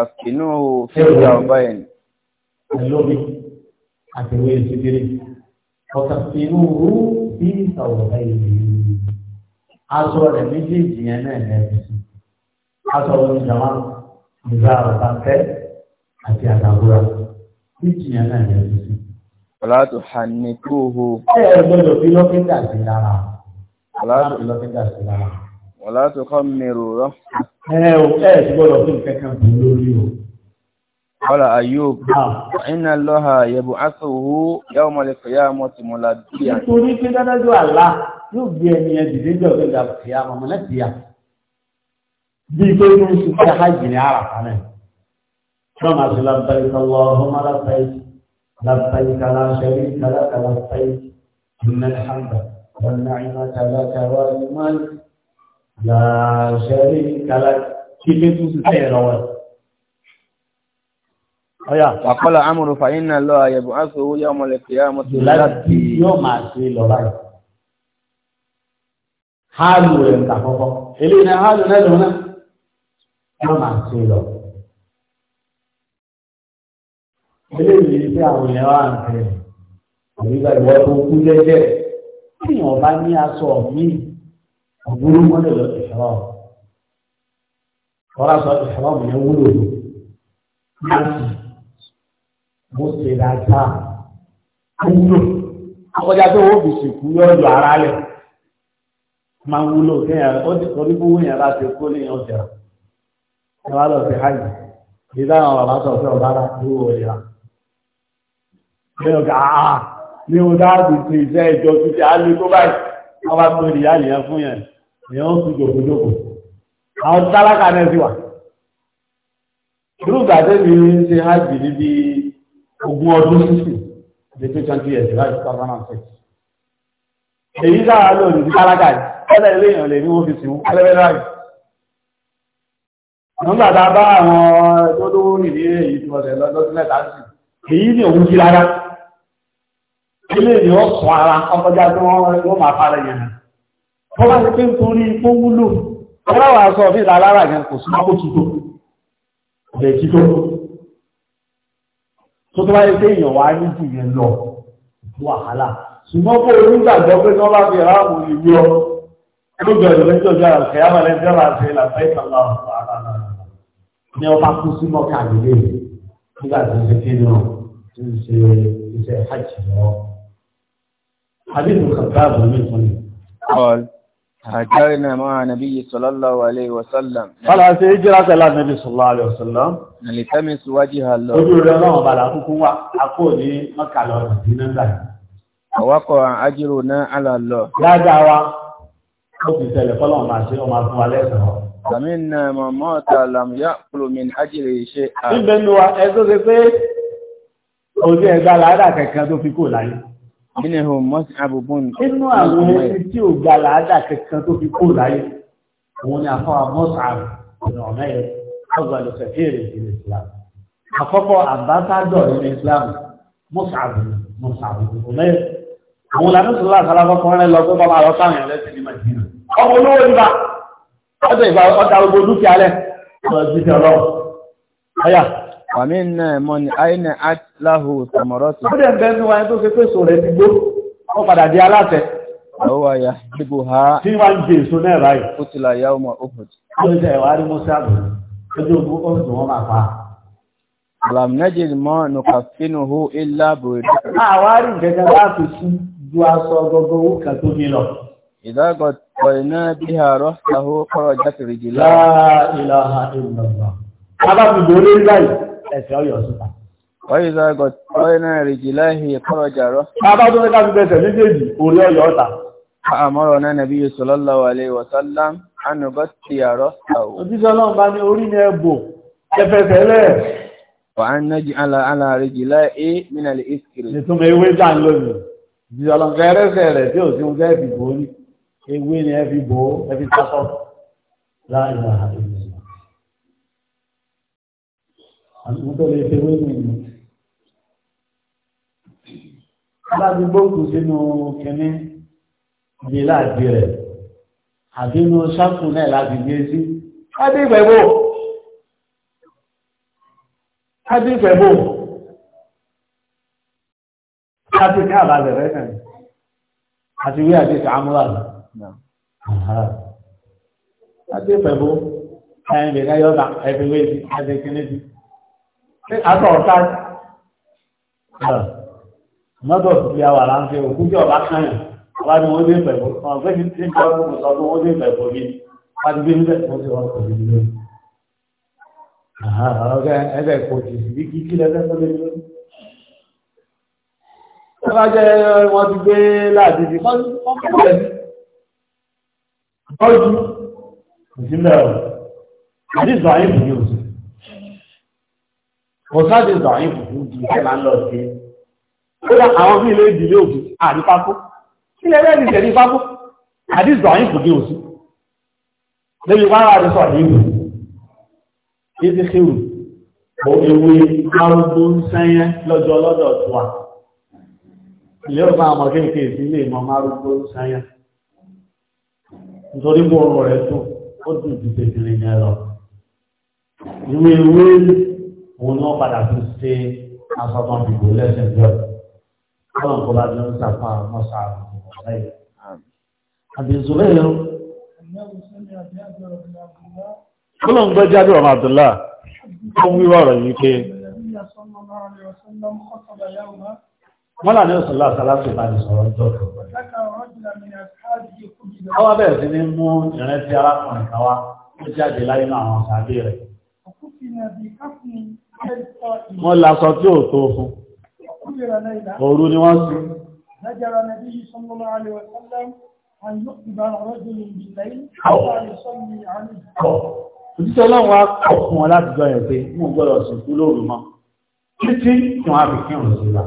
àfínú fíjà ọba yẹn. àlóbi àtẹwé ìsìkiri ọ̀tàfínú rú bí ìsàwọ̀ aṣọ rẹ̀ méjèèjì yẹn náà ẹ̀ aṣọ wọn jama ìgbà ọ̀tá tẹ́ àti àdàbúrà méjì yẹn náà ẹ̀ Ọ̀làtò Hànìkóhó. Ẹ ẹ gbọ́dọ̀ fi lọ́fíńdà sí lára. Ọ̀làtò fi lọ́fíńdà sí lára. Ọ̀làtò kọ́ mi rò rọ́. Ẹ ẹ gbọ́dọ̀ fi nǹkan kan bù lórí o. قال أيوب إن الله يبعثه يوم القيامة ملبيا nítorí pé dájú Allah yóò gbé ẹni ẹ dìde jọ pé ìjà kìí àmọ́ mọ́ lẹ́sìn yá bí i pé inú oṣù tí a hajj ní ara kan náà ṣọ́n máa ṣe labbaik Allahumma labbaik labbaik la sharika laka labbaik innal hamda wan ni'mata laka wal mulk la sharika lak kí ló tún ti tẹ̀ lọ́wọ́ wàkọ́lá amúrú fàyín náà lọ àyẹ̀bù aṣòwò yá ọmọ lẹ́kẹ̀ẹ́ yá ọmọ tó láti yóò máa ṣe lọ báyìí. hálù rẹ̀ ń tàkọ́kọ́ eléyìí náà hálù náà lọ́nà yóò máa ṣe lọ. eléyìí tí àwọn èèyàn wà ń tẹ̀ àbígbà tó kú jẹ́jẹ́ tí èèyàn bá ní aṣọ míì ọ̀gbúrú mọ́lẹ̀ lọ ìṣòro ọ̀rọ̀ aṣọ ìṣòro mi ń wúlò lò. mo ṣe dáadáa wúlò akọjá tó wọ́n fi sìnkú ara rẹ̀ máa wúlò kéèyàn ó ti sọ wípé wúyàn bá kó léèyàn jẹ ẹ wá lọ sí hajj kì í bàbá sọ fẹ́ ọ̀bá rà ní ọ̀gá ní o dáàbò ti iṣẹ́ ìjọ ti alẹ́ tó báyìí wọ́n bá tó ìyá nìyẹn fún yẹn ó fi àwọn tálákà náà wà. irú ń ṣe hajj ogún ọdún sísìn lẹ́tọ́ twenty years láti two thousand and six. èyí sára ló ní ti yìí ọ̀dọ̀ ilé èèyàn lè ní wọ́n fi sìn wọ́n láì. nígbà tá a bá àwọn tó lówó rìn ní èyí tí wọ́n lè lọ́dún mẹ́ta sí èyí ni òun jí rárá. ilé ni wọ́n sùn ara ọkọjá tí wọ́n máa fara yẹn nà. wọ́n bá ti pé nítorí tó wúlò ọlọ́wà sọ fún alára yẹn kò sí mọ́kò tuntun tó tó bá pé èèyàn wá ní jù yẹn lọ wàhálà ṣùgbọ́n kó o nígbàgbọ́ pé tó bá fi ráàmù ìwé ọ ló bẹ̀rẹ̀ lẹ́jọ́ ìjọ àrùn kẹyàmà lẹ́jọ́ àti ìlàfẹ́ ìtàlá ní ọba kú sí mọ́kà nílé nígbà tó ṣe kí ni ọ tó ń ṣe iṣẹ́ hajj lọ. Adé ìlú àbúrò mi fún mi. هاجرنا مع النبي صلى الله عليه وسلم قال سي هجرة الى النبي صلى الله عليه وسلم نلتمس وجه الله ojú rẹ̀ Ọlọ́run bá la kúkú wá akó ní Mẹ́kà lọ dínà ńlá àwọkọ àjírò náà àlàlọ. dáadáa wa ó fi tẹlẹ fọlọ́run máa ṣe ọmọ fún wa lẹ́sàn-án. sàmínà mọ̀mọ́ ọ̀tà làmúyá kúlómi àjírè iṣẹ́. níbẹ̀ ni wa ẹ tó ṣe pé òní ẹ̀dá làádà kẹ̀kẹ́ tó fi kò láyé. Nínú mọ́sí àbùbù ní. Nínú àwọn ẹni tí ò gba làádà kankan tó fi kó láyé, òun ni àfọwà mọ́sí àbù ìrìn ọ̀nà yẹn, ọgbà ló fẹ́ fèrè ìdílé Islam. Àkọ́kọ́ àmbásádọ̀ nínú Islam, mọ́sí àbù mọ́sí àbù ìrìn ọ̀nà yẹn. Àwọn ìlànà sọ̀rọ̀ àkàlà kọ́kọ́ rẹ̀ lọ pé bàbá àlọ́ sáwọn ẹ̀rẹ́ ní Màjínà. Ọmọ olówó ìgbà, ọjọ́ ìgbà ọjà gbogbo dúkìá rẹ̀, ọjọ́ ìgbà ọlọ́run. Ọyà, Àmì náà mọ́ ni àìnà láhù tàmọ̀rọ́tì. Ó dẹ̀ bẹ́ẹ̀ ní wáyé tó fi pèsò rẹ̀ ti gbó, wọ́n padà di aláṣẹ. Àwọn àyà dìbò ha. Tí wọ́n ń jẹ èso náà ráyè. Ó ti là yá ọmọ òfòd. Ó ń jẹ́ ìwà rí Mọ́sá bò. Ojú ó ń wọ́n máa pa. Àlàm nẹ́jì mọ́ nùkà fínú hó ilá bòrè. Àwárí gẹ́gẹ́ bá fi sí ju aṣọ gbogbo owó kan tó mi lọ. Ìdágọ̀ tọ̀yìnà bí àárọ̀ ṣàhó kọ́rọ̀ jákèrè jìlá. Láà ilá ha ìlànà. Abá fi gbòó lórí báyìí ẹsẹ̀ ọyọ̀ síta. wọ́n yìí sọ́kọ̀ wọ́n iná rìjì láì kọ́rọ̀ jàrọ́. bàbá tó ní ká fi bẹ̀sẹ̀ méjèèjì orí ọyọ̀ ọ̀tà. àmọ́rọ̀ náà nàbí sallallahu alaihi wasallam ànàbọ́ ti àrọ́ sàwọ́. òjíṣẹ́ ọlọ́run bá ní orí ni ẹ̀bù ẹfẹ̀fẹ̀ lẹ̀. wà á nájì àlà àlà rìjì láì mínà lè ìskiri. nítorí ewé jà ń lónìí ní ewé àwọn tó lè fi wé nìyí. Aláàbí gbóògùn sínú kìíní di láàbí rẹ̀, àbí inú ṣáàkù náà láti gbé sí. Ádé ìfẹ̀bò! Ádé ìfẹ̀bò! Láti ká àbàlẹ̀ rẹ̀ kàn. Àti wí àti ìṣàmúlà. Ádé ìfẹ̀bò! Ẹ̀yìn lè ká yọ́ta, ẹ̀fẹ̀ wé àtọ̀ ọ̀tá mọ́tò ti fi àwàrà ń fi òkú jẹ́ ọ̀bá kányà wá wọ́n dé pẹ̀lú ọ̀gbẹ́ ti ti jọ ọdún sọ ọdún wọ́n dé pẹ̀lú bí wá gbé níbẹ̀ wọ́n ti wọ́n kò ní lórí. ọ̀gá ẹgbẹ́ kò tì sí bí kíkí lẹ́sẹ̀ tó lé lórí. wọ́n wọ́n ti gbé láti ti kọ́ kọ́kọ́lẹ̀ mọ̀sáàdì ìgbà yìí jù ẹ̀ máa ń lọ sí ẹ̀. ó dá àwọn bí ilé ìdílé òkú àrí pákó ilé ẹlẹ́ni tẹ̀lé pákó àdí ìgbà yìí òsì. lẹ́yìn wá wà ní sọ yìí kò ní ti kéwù ewé arúgbó ń sẹ́yẹ́ lọ́jọ́ lọ́dọ̀ tó wà. ilé ọba àwọn kéèké sí ilé ìmọ̀ arúgbó ń sẹ́yẹ́ nítorí bó ọrọ̀ rẹ̀ tó ó dùn ju tètè òun ni wọ́n padà fi ṣe afọ́mọ́ dìbò lẹ́sẹ̀ jọ. Bọ́lá ń kọ́lá ló ń sàfà mọ́sà àbúrò Àbí Zùlẹ̀ yẹn. Bọ́lá ń gbọ́ jáde ọ̀rọ̀ Abdullá tó ń wíwọ́ ọ̀rọ̀ yìí pé. Wọ́n là ní oṣù Láà bá ní sọ̀rọ̀ ọjọ́ kan. Àwọn bẹ̀rẹ̀ sí ní mú ìrántí arákùnrin kan ó jáde láyé náà àwọn sàbí àbí káfíìn wọ́n lásọ tí ò tó fún òru ni wọ́n sí Òjíṣẹ́ ọlọ́run á kọ̀ fún wọn láti jọ ẹ̀ pé mú gbọ́dọ̀ sí fún lóòrùn mọ́. Títí fún àbì kí òun sí la.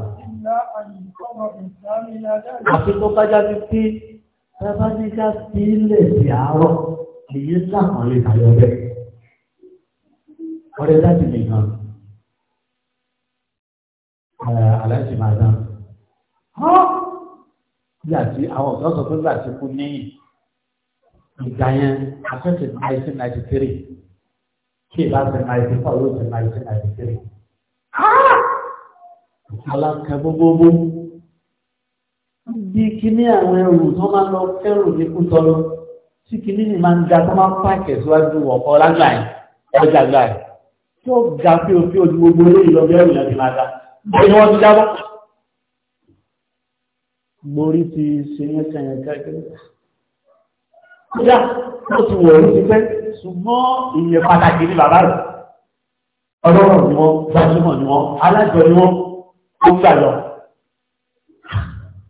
Àti tó bájá ti tí ẹbá ní ká sí ilẹ̀ sí àárọ̀, èyí sàkànlé tàbí ọ̀rẹ́. Ọ̀rẹ́ láti nìkan aláìsí máa dán. Nígbà tí àwọn ọ̀dọ́ sọ pé nígbà tí kú ní ìgbà yẹn afẹ́fẹ́ nineteen ninety three kí ìbá ṣe ninety four yóò ṣe nineteen ninety three. Aláǹkà gbogbogbò bí kíní àwọn ẹrù tó máa lọ kẹrù ní kútọ́lú tí kíní ni máa ń ga tó máa ń pààkì síwájú ọ̀pọ̀ lágbàáyé ọjà gbàáyé tí ó ga fíofíò ju gbogbo eléyìí lọ bí ẹrù yẹn ti máa ga bóyá wọ́n ti jábọ́. Gborí ti ṣe ní ṣẹ̀yìn kẹ́kẹ́. Kódà, ó ti wọ̀ orí ti fẹ́, ṣùgbọ́n ìyẹn pàtàkì ní bàbá rẹ̀. Ọlọ́rọ̀ ni wọ́n, gbajúmọ̀ ni wọ́n, alájọ ni wọ́n, ó gbà lọ.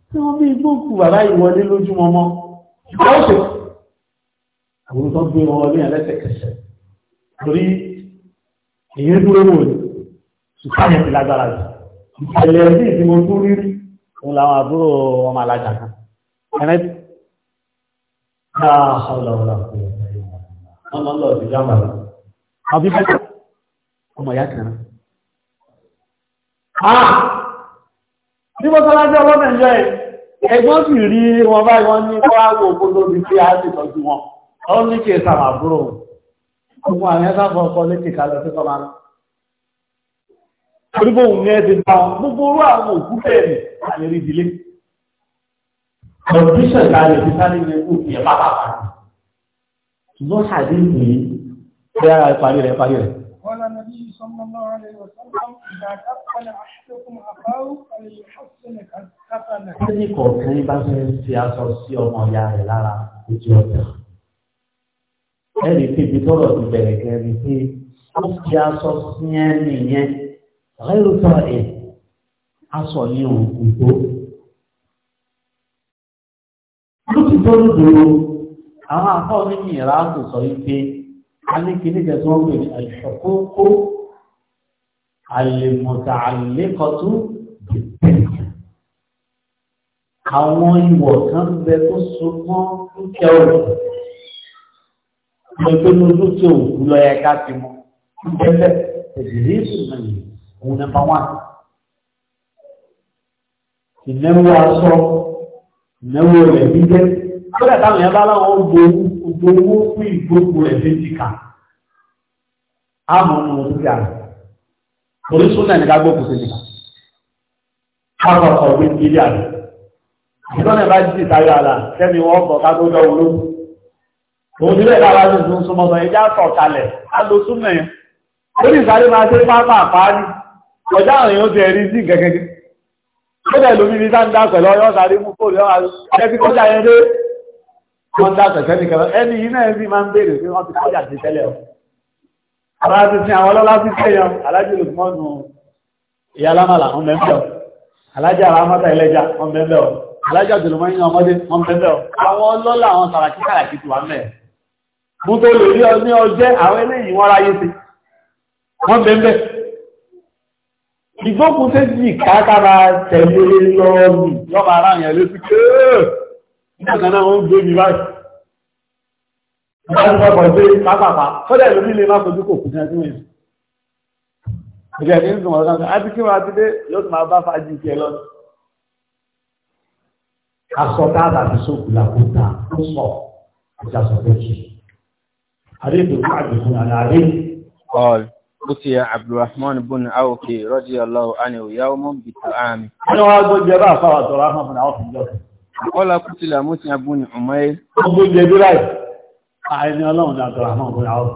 Tí wọ́n bí gbóòkù bàbá ìwọlé lójúmọ́ mọ́, ìgbà ó ṣe. Àwọn tó gbé wọn wọlé ẹlẹ́sẹ̀kẹsẹ̀. Torí èyí dúró wò ní, ṣùgbọ́n àyẹ̀fì lágbára jù ìṣẹ̀lẹ̀ sí ìsinmi tó rírí òun làwọn àbúrò ọmọ alájà kan ẹ̀rẹ́ dáa ọlọ́ọ̀lọ́ ọmọ ọlọ́ọ̀ ti jámà lọ. àbí bẹ́ẹ̀ ọmọ ìyá kan. bí wọ́n sọ́lá jẹ́ ọlọ́mọ ìjọ ẹ̀ ẹ̀gbọ́n sì rí wọn báyìí wọ́n ní kọ́ àwọn òbódó bíi tí a ti tọ́jú wọn. ọ ní orígbò òun ní ẹ̀sìn bá wọn gbogbo orú àwọn òkú bẹ́ẹ̀ ni àyè rí ìdílé. kọ̀ǹdíṣọ̀ ìta lè fi sáré ní ewu ìyẹn bàbá kan. ṣùgbọ́n àdé yìí bí ara parí rẹ̀ parí rẹ̀. قال النبي صلى الله عليه وسلم إذا كفن أحدكم أخاه فليحسن kọ̀ọ̀kan bá fẹ́ fi aṣọ sí ọmọ ìyá rẹ̀ lára ojú ọjà. ẹnì kejì tọrọ ti bẹ̀rẹ̀ kẹrin pé ó fi aṣọ sí ẹni yẹn ọ̀rẹ́rù tọ́ ẹ̀ aṣọ ní òkun tó. lókè tó ń dòwò àwọn afọ́ nínú ìrántò sọ wípé alékiní jẹ́ tó ń pè ní àṣọkókó àlèmọ̀tà àlékọ́tún àwọn ìwọ̀ kan bẹ tó so mọ́ dúkìá òkú lọ́gbẹ́nu dúkìá òkú lọ́yẹ ká ti mọ́ bẹ́ẹ̀ bẹ́ẹ̀ èdè rí sùn náà yìí òun nọmba wán ìnáwó aṣọ ìnáwó rẹ̀ gbígbẹ́ kódà táwọn yẹn bá láwọn gbogbo owó fún ìgbógun rẹ̀ létí kan àmọ́ ọmọ òun gbà torí súnà ní ká gbókùn sí nìkan káàkọ̀ ọ̀gbìn ilé àrẹ̀ ìtọ́nà bá jí ìtayọ̀ àlà kẹ́mi wọ́n bọ̀ ká tó dọ̀ wúlò òun nílẹ̀ káwá ní ìsúnmọ́sọ ẹjá sọ̀ kalẹ̀ á lo súnmọ̀ yẹn ó ní ìsáré máa ṣe pápá àpárí kọjá àwọn èèyàn ti ẹ̀rí sí gẹ́gẹ́gẹ́ ó dẹ̀ lómi ní sáńdá pẹ̀lú ọyọ́ sáré mú fóònù ọ̀hà ẹbí kọjá yẹn dé wọ́n dá pẹ̀sẹ̀ nìkan ẹni yìí náà sì máa ń béèrè pé wọ́n ti kọjá ti tẹ́lẹ̀ o ara ti sin àwọn ọlọ́lá ti tẹ̀ yan alájì olùmọ́nù ìyá alámàlà wọn bẹ́ẹ̀ o alájà alámàtà ẹlẹ́jà wọn bẹ́ẹ̀ o alájà olùmọ́nù ọmọdé wọn bẹ́ẹ̀ o àwọn ọlọ́lá àwọn sàràkí sàràkí ti ìgbókun tó jì káàkàrà tẹ̀lé lọ́ọ̀lù lọ́ba ara yẹn ló ti pé nígbàkan náà wọ́n gbé mi báyìí wọ́n ti pọ̀ pé pápápá fọ́dẹ̀ lórí ilé má fojú kò kù ní ẹdún yẹn ìgbà ní ìsìn ọ̀gá kan àti kí wọ́n ti dé yóò tún máa bá fàájì tiẹ̀ lọ́nà asọ́tà àti sókù làkúta ó sọ ìjà sọ̀tẹ́kì àdéhùn àdéhùn àdéhùn أتي عبد الرحمن بن عوف رضي الله عنه يوم بالطعام. أنا هذا الجبار صار عبد الرحمن بن عوف قال قتل موسى بن عمير. أبو الجبيرة. àìní ọlọ́run ní àtọ̀ràmọ́ òun àwọn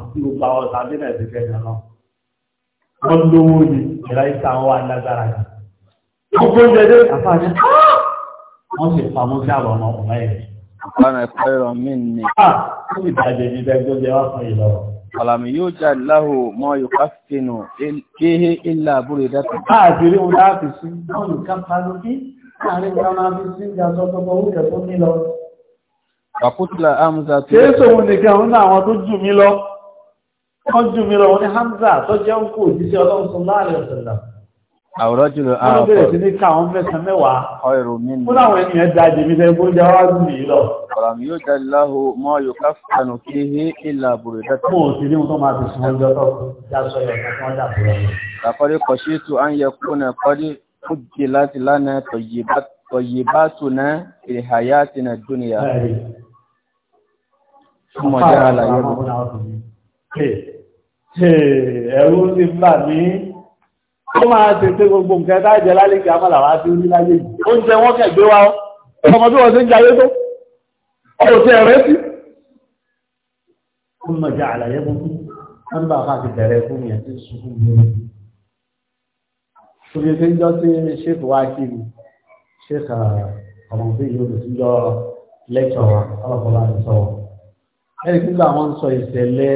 wọ́n lówó ní ìlà ìta wà lágbára ní gbogbo ìjẹdẹ àfáàní ah! wọ́n sì pamọ́ sí àwọn ọmọ ọmọ ẹ̀. àpárá ẹ̀kọ́ ẹ̀rọ mi ni. a ó sì bàjẹ́ ní bẹ́ẹ̀ gbọ́dọ̀ wá fún ìlọrọ̀ ọ̀làmì yóò jà láhù mọ́ yóò fínú kéhe ilá àbúrò ìdáta. káàkiri wọn láti sí náà yóò ká parí kí láàrin ká máa fi sí ìjà sọ́tọ́gbọ́ oúnjẹ tó ní lọ. kàkútìlà hamza tó. kéésù òun nìkan òun àwọn tó jù mí lọ wọ́n jù mí lọ wọn ní hamza tó jẹ́ òkú òjíṣẹ́ ọlọ́run sọ láàrin ọ̀sẹ̀ náà àwòrọ́jù lọ àwọn ah, bẹ̀rẹ̀ sí ní káwọn mẹ́sàn mẹ́wàá ọ̀rọ̀ mi ni. fúnra àwọn ènìyàn da jèmi lẹ́yìn bó jẹ́ wá lù mí lọ. ọ̀rọ̀ mi yóò dá láhùn mọ́ yòókà fàánù kí hé ìlà bòrò dátà. mo ò sí ní nǹkan máa fi sùn ọjọ́ tó já sọ yọ kí wọ́n dàbò rẹ̀. àkọ́rí kọ̀ṣí tu à ń yẹ kó nà kọ́rí kó jì láti lánà tọ̀yì bá tù ná ìhàyà ti nà dúnìyà. ẹ̀rù ti fà mí ó máa tètè gbogbo nǹkan dájẹ lálẹ́ kí a máa làwá sí oníláyé yìí oúnjẹ wọn kẹ̀ gbé wa ọ́ ọmọ bí wọ́n ti ń jayé tó ọ̀rọ̀ tí ẹ̀rẹ́ sí. ó mọ̀ jẹ́ àlàyé fún mi bá wà ti bẹ̀rẹ̀ fún mi àti sùkúù mi. Oge tí ń jọ sí ṣéèkì wá kí mi ṣéèkì ọmọ bí yóò lè tún jọ lẹ́kọ̀ọ́ ọlọ́kọ̀ọ́lá ń sọ. Ẹni nígbà wọn ń sọ ìṣẹ̀lẹ̀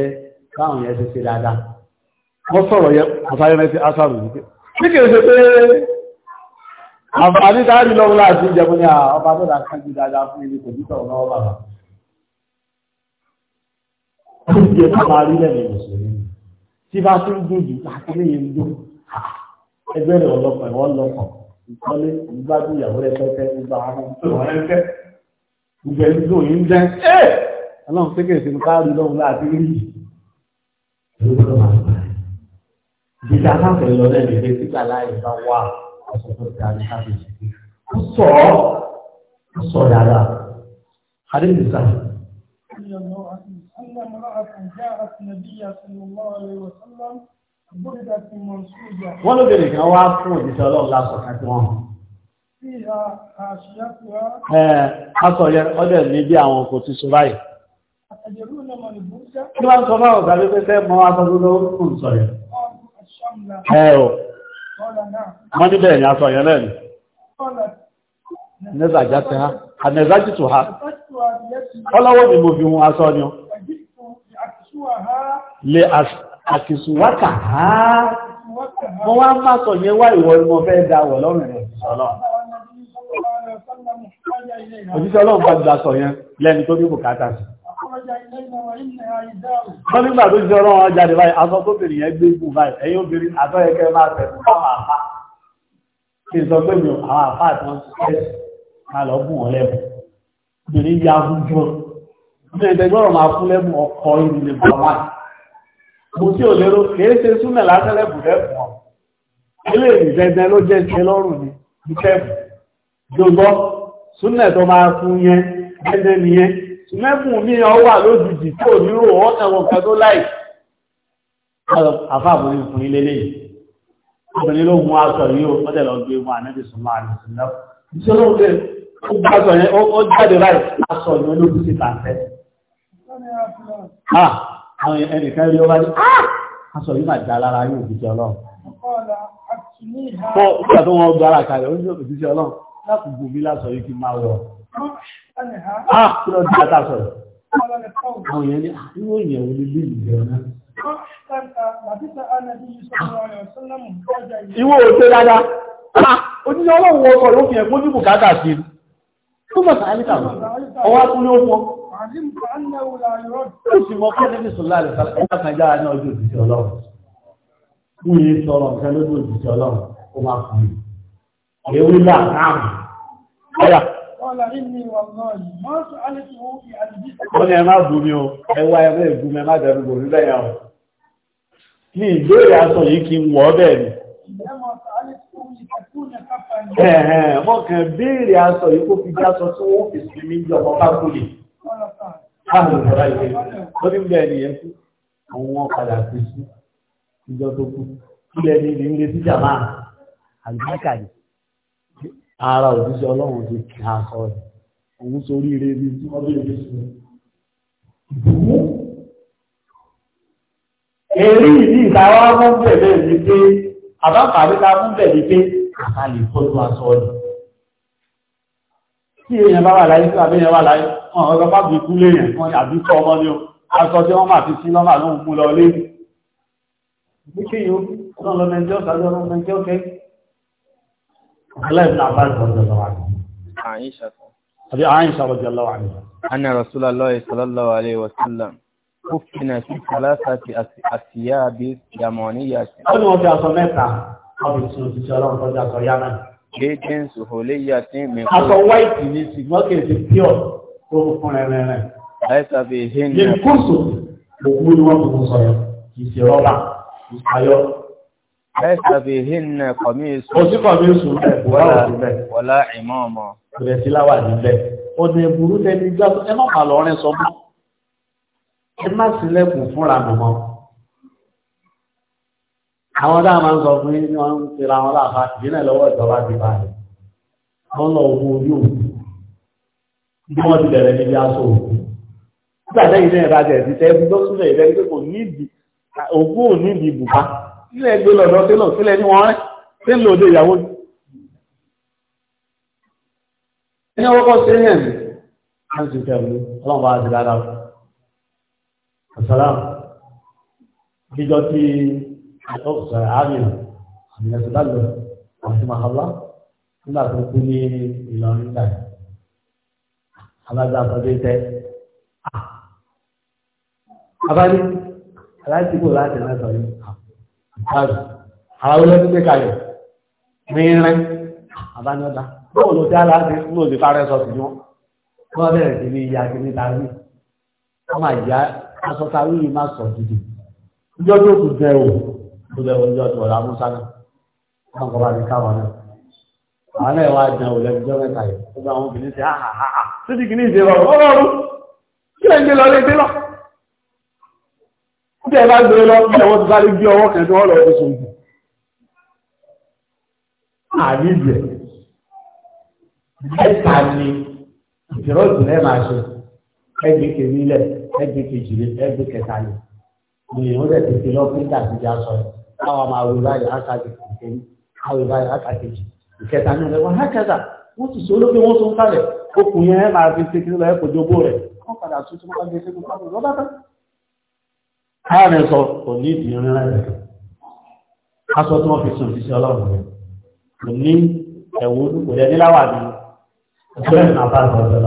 báwọn yẹn ti ṣe dáadáa. Wọ́n sọ̀rọ̀ yẹn àfáyẹ́mẹ́sí asàrù wípé tí kìí ṣe pé àǹfààní táàrí lọ́wọ́ láti jẹun ní ọba tó dá kájú dáadáa fún ilé kò títọ̀ lọ́wọ́ bàbá tó jẹ bàbá rí lẹ́nu ìmùsùlùmí tí bá tún dùn jù láti lè yẹn dùn ẹgbẹ́ rẹ̀ ọlọ́pàá ìwọ́n lọ́pàá ìkọ́lé ìgbádùn ìyàwó rẹ̀ pẹ́pẹ́ gbogbo àwọn ọmọ tó wọ́n rẹ̀ pẹ́ gbogbo ẹni tó yìí ń jẹ́ ẹ́ ọlọ́run pékè sí káàrí lọ́wọ́ láti rí ìlú Ìjà káfẹ́ lọ lẹ́nu ilé sígbà láì bá wà ọ̀sán tó ti àrí káfíńsì. Ó sọ ọ́, ó sọ dáadáa. Adébíyí sáà. wọ́n ló bèrè kan wá fún òjíṣẹ́ ọlọ́run lásán kẹ́kẹ́ wọn. ẹ aṣọ yẹn ọdẹ ní bí àwọn kò ti sọ báyìí. kí wọ́n sọ fáwọn ọ̀gá wípé fẹ́ mọ aṣọ tó lọ́wọ́ tó ń sọ yẹn ẹ̀rọ wọ́n ní bẹ́ẹ̀ ni aṣọ yẹn lẹ́nu nẹ́sàjá ti ha ànẹ́sàjì tó ha ọlọ́wọ́ ni mo fi hun aṣọ ni ó lè àkìsùwákà ha mo wá ń máa sọ yẹn wá ìwọ ni mo fẹ́ da wọ̀ lọ́rùn rẹ̀ òjíṣẹ́ ọlọ́run bá gba sọ yẹn lẹ́ni tó ní wọ́n nígbà tó jẹ́ ọlọ́run ajáde báyìí aṣọ tó bèèrè yẹn gbé ikú báyìí ẹ̀yìn obìnrin àtọ́yẹkẹ́ máa tẹ̀kù fáwọn àfá kí n sọ pé mi àwọn àfá àti wọn ṣiṣẹ́ máa lọ bùn wọn lẹ́bù obìnrin yà fún jọ ní ẹ̀ẹ́dẹ́gbọ́rọ̀ máa fún lẹ́bù ọkọ̀ mẹ́kùn mi ọ wà lójijì tí ò nírò ọ̀nà ọ̀kan tó láì àfáàbò ní fún ilé lẹ́yìn obìnrin ló mú aṣọ yìí e ó tẹ́lọ gbé wọn ànábì sọmọ àdìsílẹ̀ ìṣòro pé ó gbàgbọ́ yẹn ó jáde láì aṣọ yìí ó lóbi sí pàǹtẹ́ ah! àwọn ẹnìkan rí ọba ní ah! aṣọ yìí máa dá lára yóò fi jẹ ọlọ́run fún ìgbà tó wọn gbára kalẹ̀ ó ní òbí sí ọlọ́run láti gbòmí láṣọ yìí kí máa wọ̀ Ah, kí lọ sí àtà sọ̀rọ̀? Àwọn èèyàn ní àríwò ìyẹ̀wò ní bí ìlú ẹ̀rọ náà. Ìwọ òṣèré dáadáa. Ah, oníṣẹ́ ọlọ́run ọkọ̀ ló fi ẹ̀kọ́ ní bùkátà sí. Túnbọ̀ sàálítà wọn, ọwá tún ní ó mọ́. Ó sì mọ kí ẹni sùn láàrín sàlẹ̀ ẹ̀ka kan jára ní ọjọ́ òṣìṣẹ́ ọlọ́run. Wọ́n yé sọ̀rọ̀ nǹkan lójú òṣìṣẹ́ ọlọ́run, ó máa kàn mí. Èwe là náà. Ọ̀yà. Wọ́n ni ẹ máa bú mi o, ẹwà ẹgbẹ́ ìbú mi máa dẹ̀rù bò nílẹ̀ yà o. Ní ìbéèrè aṣọ yìí kí ń wọ́ bẹ́ẹ̀ ni. Ẹ̀hẹ̀n, wọ́n kàn béèrè aṣọ yìí kó fi já sọ tí wọ́n fi sí mi jọ ọkọ̀ kú lè. Káàlù ọ̀rá ìwé, ó ní bẹ́ẹ̀ ni ẹkú, àwọn wọn padà fi sí ìjọ tó kú. Ilẹ̀ ni ìrìn lè sí jàmáà, àlùbákà ni ara òjíṣẹ́ ọlọ́run ti kí akọ rẹ̀ òun sórí ire bí tí wọ́n bèèrè sí ìbùkún. Èrí ìdí ìtawá fún bẹ̀rẹ̀ ní pé àbáfàrí ta fún bẹ̀rẹ̀ pé àta lè tọ́jú aṣọ rẹ̀. Tí èèyàn bá wà láyé tí àbẹ́yẹn wà láyé, wọn ọ̀rọ̀ bá bí ikú léèyàn kan àbí kọ́ ọmọ ni ó, aṣọ tí wọ́n máa fi sí lọ́mà lóhun mú lọ lé. Ìgbékèyàn ó, ọlọ́run lọ́mọ ẹjọ́ sáájú ọlọ́run ẹjọ́ kẹ́kẹ́. Abdullahi ibn Abbas radiyallahu anhu. Aisha. Abi Aisha radiyallahu anha. Anna Rasulullah sallallahu alaihi wasallam. Kúfìnà sí Kàlásàtì àṣìyá bí Yamaniya. Ó ní wọ́n fi aṣọ mẹ́ta, ọ̀bì tí ó ti ṣe ọlọ́run tọ́jú aṣọ Yámẹ́. Gẹ́gẹ́ ìṣòhòlé yà sí mi. wáìtì ni ṣùgbọ́n kì Ẹ̀sà fi hìn nà kọ̀míìsù. Kò sí kọ̀míìsù bẹ́ẹ̀, wọ́lá bẹ́ẹ̀. Wọ́lá ìmọ̀ ọmọ. Bẹ̀rẹ̀ sí láwà níbẹ̀. Ọ̀nà ìburú tẹ́lẹ̀ gbá ẹ má bà lọ́rin sọ mọ́. Ẹ má sílẹ̀kùn fúnra mọ̀mọ́. Àwọn dáa máa ń sọ fún yín ní wọ́n ń tira wọn láàfà ìdílé lọ́wọ́ ìjọba ti bá rẹ̀. Wọ́n lọ owó orí òkú. Bí wọ́n ti bẹ̀rẹ̀ níbi aṣọ òkú. Nígbà sílẹ̀ gbé lọ́dọ̀ sílọ̀ sílẹ̀ ní wọ́n rẹ̀ sí lòdì ìyàwó ní ọkọ̀ sí ní ẹ̀mí láti tẹ̀lú ọlọ́pàá àti dáadáa àsàlám jíjọ tí ọ̀sẹ̀ àmì àmì ẹ̀sẹ̀ lálẹ́ àti màhálà nígbà tó kú ní Ìlọrin náà alága àtọ́jú tẹ́ abáyé aláìsíkò láti náà sọ àwọn olóòtú gbé kalẹ̀ rínrín àbániọ́dá bóò ló dá láti ní òdì fárẹ́ sọ sí wọn wọ́n bẹ̀rẹ̀ sí ní ìyá kìíní tàbí wọ́n máa yá aṣọ tàbí yìí máa sọ dìde ìjọ tó kù jẹ́ o tó jẹ́ o ìjọ tó ọ̀la musa náà wọ́n kọ́ bá mi káwọn náà àwọn náà wá jẹun ò lẹ́nu jọ́ mẹ́ta yìí ó bá àwọn obìnrin ṣe áhà áhà kìíní ìṣe rọrùn ó rọrùn kí tẹ́ ẹ bá gbé lọ bí ẹwọ́ ti sáré gbé ọwọ́ kẹ́ẹ̀tọ́ ọ̀lọ́ fi ṣògùn àríbẹ̀ ẹ̀ta ni ìṣòro ìlẹ̀ máa ṣe ẹgbẹ́ kejì lẹ̀ ẹgbẹ́ kejì lẹ̀ ẹgbẹ́ kẹta lẹ̀ lèyìn ó dẹ̀ ti fi lọ́ọ́ pínta ti di aṣọ yẹn káwọn máa wí báyìí ákàkì kìkẹ́ni káwọn wí báyìí ákàkì kìkẹ́ni ìkẹta ní ọ̀rẹ́ wọn hákẹ́ta wọ́n ti ṣe olóògbé wọ́n tó ń okùn yẹn máa fi ṣe kí káàrẹ sọ kò ní ìdí rẹ̀ aṣọ tí wọ́n fi sùn ìṣẹ́ ọlọ́run rẹ̀ kò ní ẹ̀wù kò dẹ̀ ní ní ọjọ́ ìrìn àbá ìgbàlódé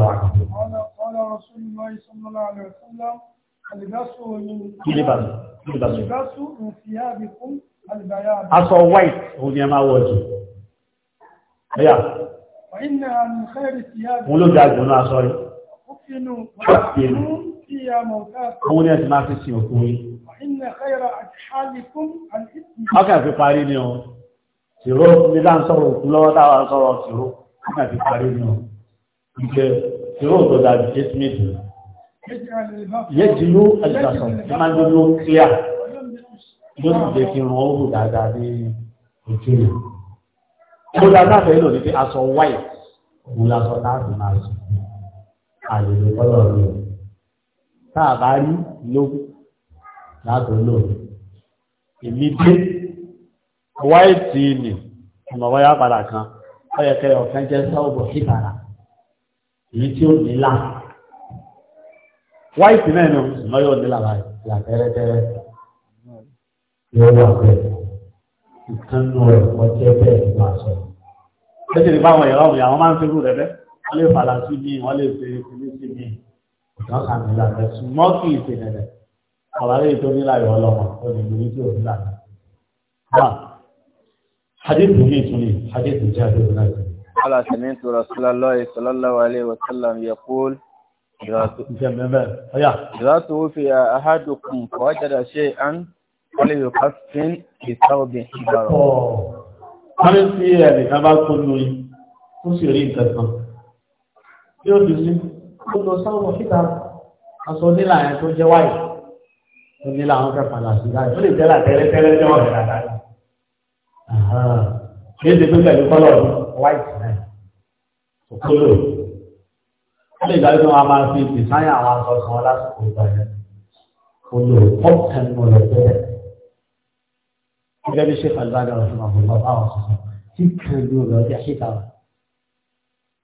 white òun ni ẹ máa wọ jù ẹ̀yà òun Àwọn ní ẹ̀sìn máa fi sin òkú yìí. Ọkà fi parí ni ọ. Ṣìró ní bá ń sọ̀rọ̀ òkú lọ́wọ́ táwa ń sọ̀rọ̀ ṣìró. Ọkà fi parí ni ọ. Ìjẹ́ ṣìró tó dàbí Jésìmẹ́tì. Yẹ́ ti ló ẹ̀dùnàṣọ̀ ní máa ń dún ló kíá. Ló tá a bá rí ló láti olóòrùn èmi dé wáìtì nì ìmọ̀wọ́ yá padà kan ọ̀yẹ̀kẹ́ ọ̀fẹ́ jẹ́ sọ́ọ̀bù síkàrà èyí tí ó nílá wáìtì náà ni ìmọ̀ yóò nílá látẹ́rẹ́tẹ́rẹ́ yóò wà bẹ́ẹ̀ ìkànnù rẹ̀ ọjẹ́ bẹ́ẹ̀ ni wàá sọ. ó sì ní báwọn ìyàwó ìyàwó máa ń fi rú rẹ̀ bẹ́ẹ̀ wọ́n lè fàlà sí mi wọ́n lè fi fi sí mi wọ́n kà mí lànà ṣùgbọ́n kì í ṣe nẹ̀nẹ̀ àwárí tó ní láyọ̀ ọlọ́mọ tó ní ìlú tí ò ní lànà. حديث جيتني حديث جابر بن قال سمعت رسول الله صلى الله عليه وسلم يقول إذا توفي أحدكم فوجد شيئا فليكفن في ثوب حجاره. Kárẹ́sì ẹ̀ nìkan bá kó lórí, ó sì rí nǹkan kan. Yóò fi sí ó lọ sáwọn síta aṣọ nílà yẹn tó jẹ́ wáyé ó nílà àwọn fẹ́ padà sí láyé ó lè jẹ́ là tẹ́lẹ́tẹ́lẹ́ jẹ́ wọ́n rẹ̀ dáadáa kí ẹsẹ̀ tó pẹ̀lú kọ́lọ̀ wáyé náà òkúlò ó lè dájú pé wọ́n máa fi ìsáyà àwọn aṣọ kan wọn lásìkò ìgbà yẹn òlò ọ̀pẹ̀ ní ọ̀lọ́pẹ̀ gẹ́gẹ́ bí ṣe fàlùbáàdà ọ̀sán àwọn ọ̀sán tí kàn ní ọ̀lọ́pẹ̀ àṣìkà rẹ̀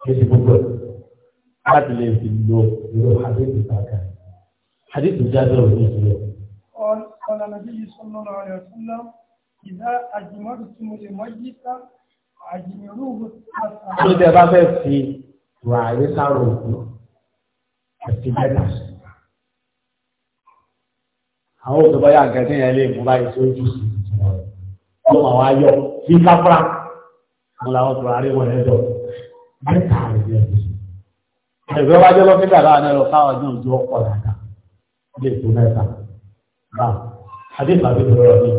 kí ẹsẹ̀ gbogbo ẹ̀ láti lè fi lo ìlú àdéhùn ìsàkà àdéhùn jáde òfin ìṣẹ̀lẹ̀. ọ̀nà nàìjíríà sọ́nà rẹ̀ fúnlá ìdá àjùmọ́tò tí mo lè mọ́ yí ká àjùmọ́rú òhun tààtà. ó ti bá fẹ́ fi wà ayé sáró òkú àti bẹ́tà. àwọn òṣèlú báyà gẹ̀ẹ́sì yẹn lè mú báyìí sójú sí ọmọ àwọn ayọ̀ bí káfíńà àwọn làwọn tó rárí wọn lẹ́jọ́ bẹ́tà rẹ̀ yẹn ẹ̀fẹ́ wájú lọ́fẹ́ dàrá ní ẹ̀rọ káwọn ní ojú ọ̀pọ̀ dàda lè tó mẹ́ta bá àdéhùn àbí tó rọ̀ ní.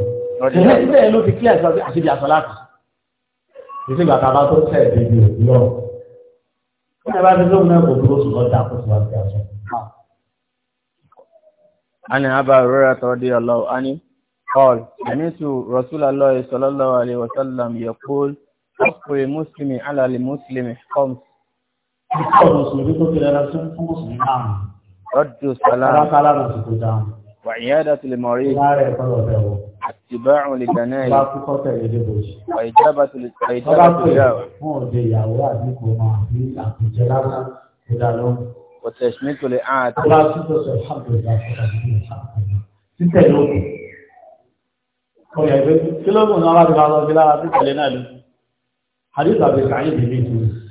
ìṣẹ́ ìṣẹ́ ló ti kí ẹ̀sọ́ àti ibi àsọ láti. ìṣẹ́ bàtà bá tó tẹ̀ débi òbí lọ. wọ́n bá ti lóun náà أبا هريرة الله عنه قال سمعت رسول الله صلى الله عليه وسلم يقول حق المسلم على المسلم خمس Ìkọ́ mùsùlùmí tó fi rẹra sí fún mùsùlùmí náà. Rọ́dù sálá. Ráka aláàrùn sì kò dáhùn. Wà ìyáda tó lè mọ̀rí. Láàrẹ̀ ìkọ́lọ̀ bẹ̀ wọ̀. Àtìbáàrùn lè dáná yìí. Bá kúkọ́ tẹ̀lé dé bòjì. Wà ìjábà tó lè tẹ̀lé dé bòjì. Ọba pè é fún òde ìyàwó àdínkù máa ní àpèjẹ lásán kó dá lọ́wọ́. Òtẹ̀sí tó lè á àti. Ọba tó tó sọ ìhàbùdà títẹ̀ lókun. Ọ̀yà ìgbésí kí lóògùn náà wá ti bá lọ sí lára títẹ̀lé náà lókun. Hadith àbẹ̀sàyìn ìdílé tó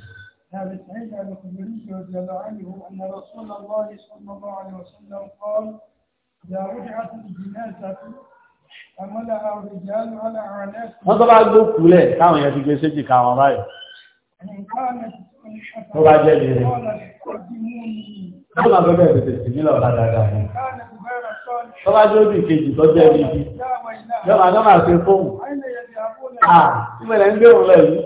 أبي سعيد الخدري رضي الله عنه أن رسول الله صلى الله عليه وسلم قال إذا رجعت الجنازة حملها الرجال على أعناقهم. هذا بعد ذوق كله كانوا يجيبوا سجى كانوا راي. إن كانت الحفلة. هو عجيب يعني. Bọ́lá bẹ́ẹ̀ bẹ̀rẹ̀ tètè nílò dáadáa. Tọ́lá jẹ́ òbí kejì tó jẹ́ ibi. Yọ̀wá náà máa ṣe fóun. À, ìbẹ̀rẹ̀ ń gbé òun lọ yìí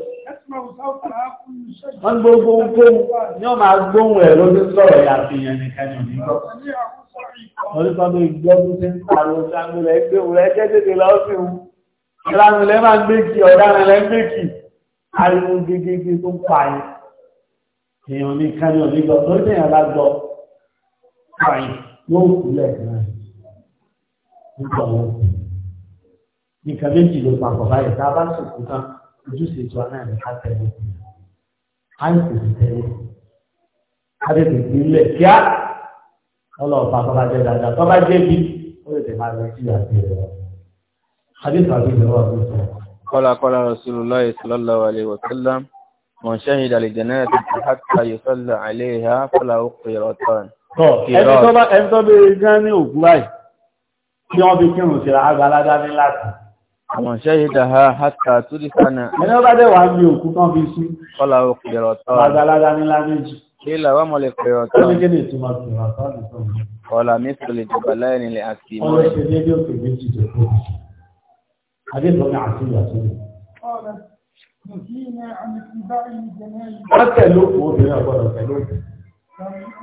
wọ́n gbogbo ohun ní ọmọ agbóhùn ẹ̀ lórí sọ̀rọ̀ ìyá fi yẹn nìkan ní onígbọ́. Oríkọ́ bí ìgbọ́dún ti ń pariwo sangolẹ̀ ẹgbẹ́ òun ẹgbẹ́ tètè lọ sí òun. Ìlànà ilẹ̀ máa ń gbé kí ọ̀daràn ilẹ̀ ń gbé kí. Ariwo gegege tó ń pa yẹn. Èèyàn nìkan ní onígbọ́ lórí èèyàn bá gbọ́. Pààyàn yóò kú lẹ́ẹ̀kan. Nígbà wọn. Nìkan méjì ló papọ̀ báyìí tá a tán ojúṣe ìjọ náà ní ká tẹ̀lé á ń tètè tẹ̀lé á tètè fi ilẹ̀ kíá ọlọ́ọ̀fà tó bá jẹ́ dáadáa tó bá jẹ́ bí ó lè tẹ̀ máa lọ sí àti ẹ̀rọ hadith àbí ìlú wa bí sọ. Qala qala Rasulullah sallallahu alaihi wa sallam man shahida al-janazah hatta yusalla alaiha falahu qiratan. Ẹni tó bá ẹni tó bá gan ní òkú báyìí tí wọ́n fi kírun sí ra agbáládá ní láti àwọn ṣẹ́yẹ dáhà hátà túrí sánà. ẹni ó bá dẹ̀ wá mi òkú kan fi sí. kọ́lá ó pèrò tọ́. lágbàlágbà ní lámẹ́jì. kílà wà mọ̀lẹ̀ pèrò tọ́. ó ní kí ni ìtumọ̀ pèrò tọ́ nìkan. kọ́lá mi sọ lè jọba láyé nílẹ̀ àti ìmọ̀. ọ̀rọ̀ ṣe déédéé òkè méjì tó kù. adébọ̀n àti ìyàtúndì. wọ́n tẹ̀lé òkú obìnrin ọ̀gbọ́dọ̀ tẹ̀lé òkú.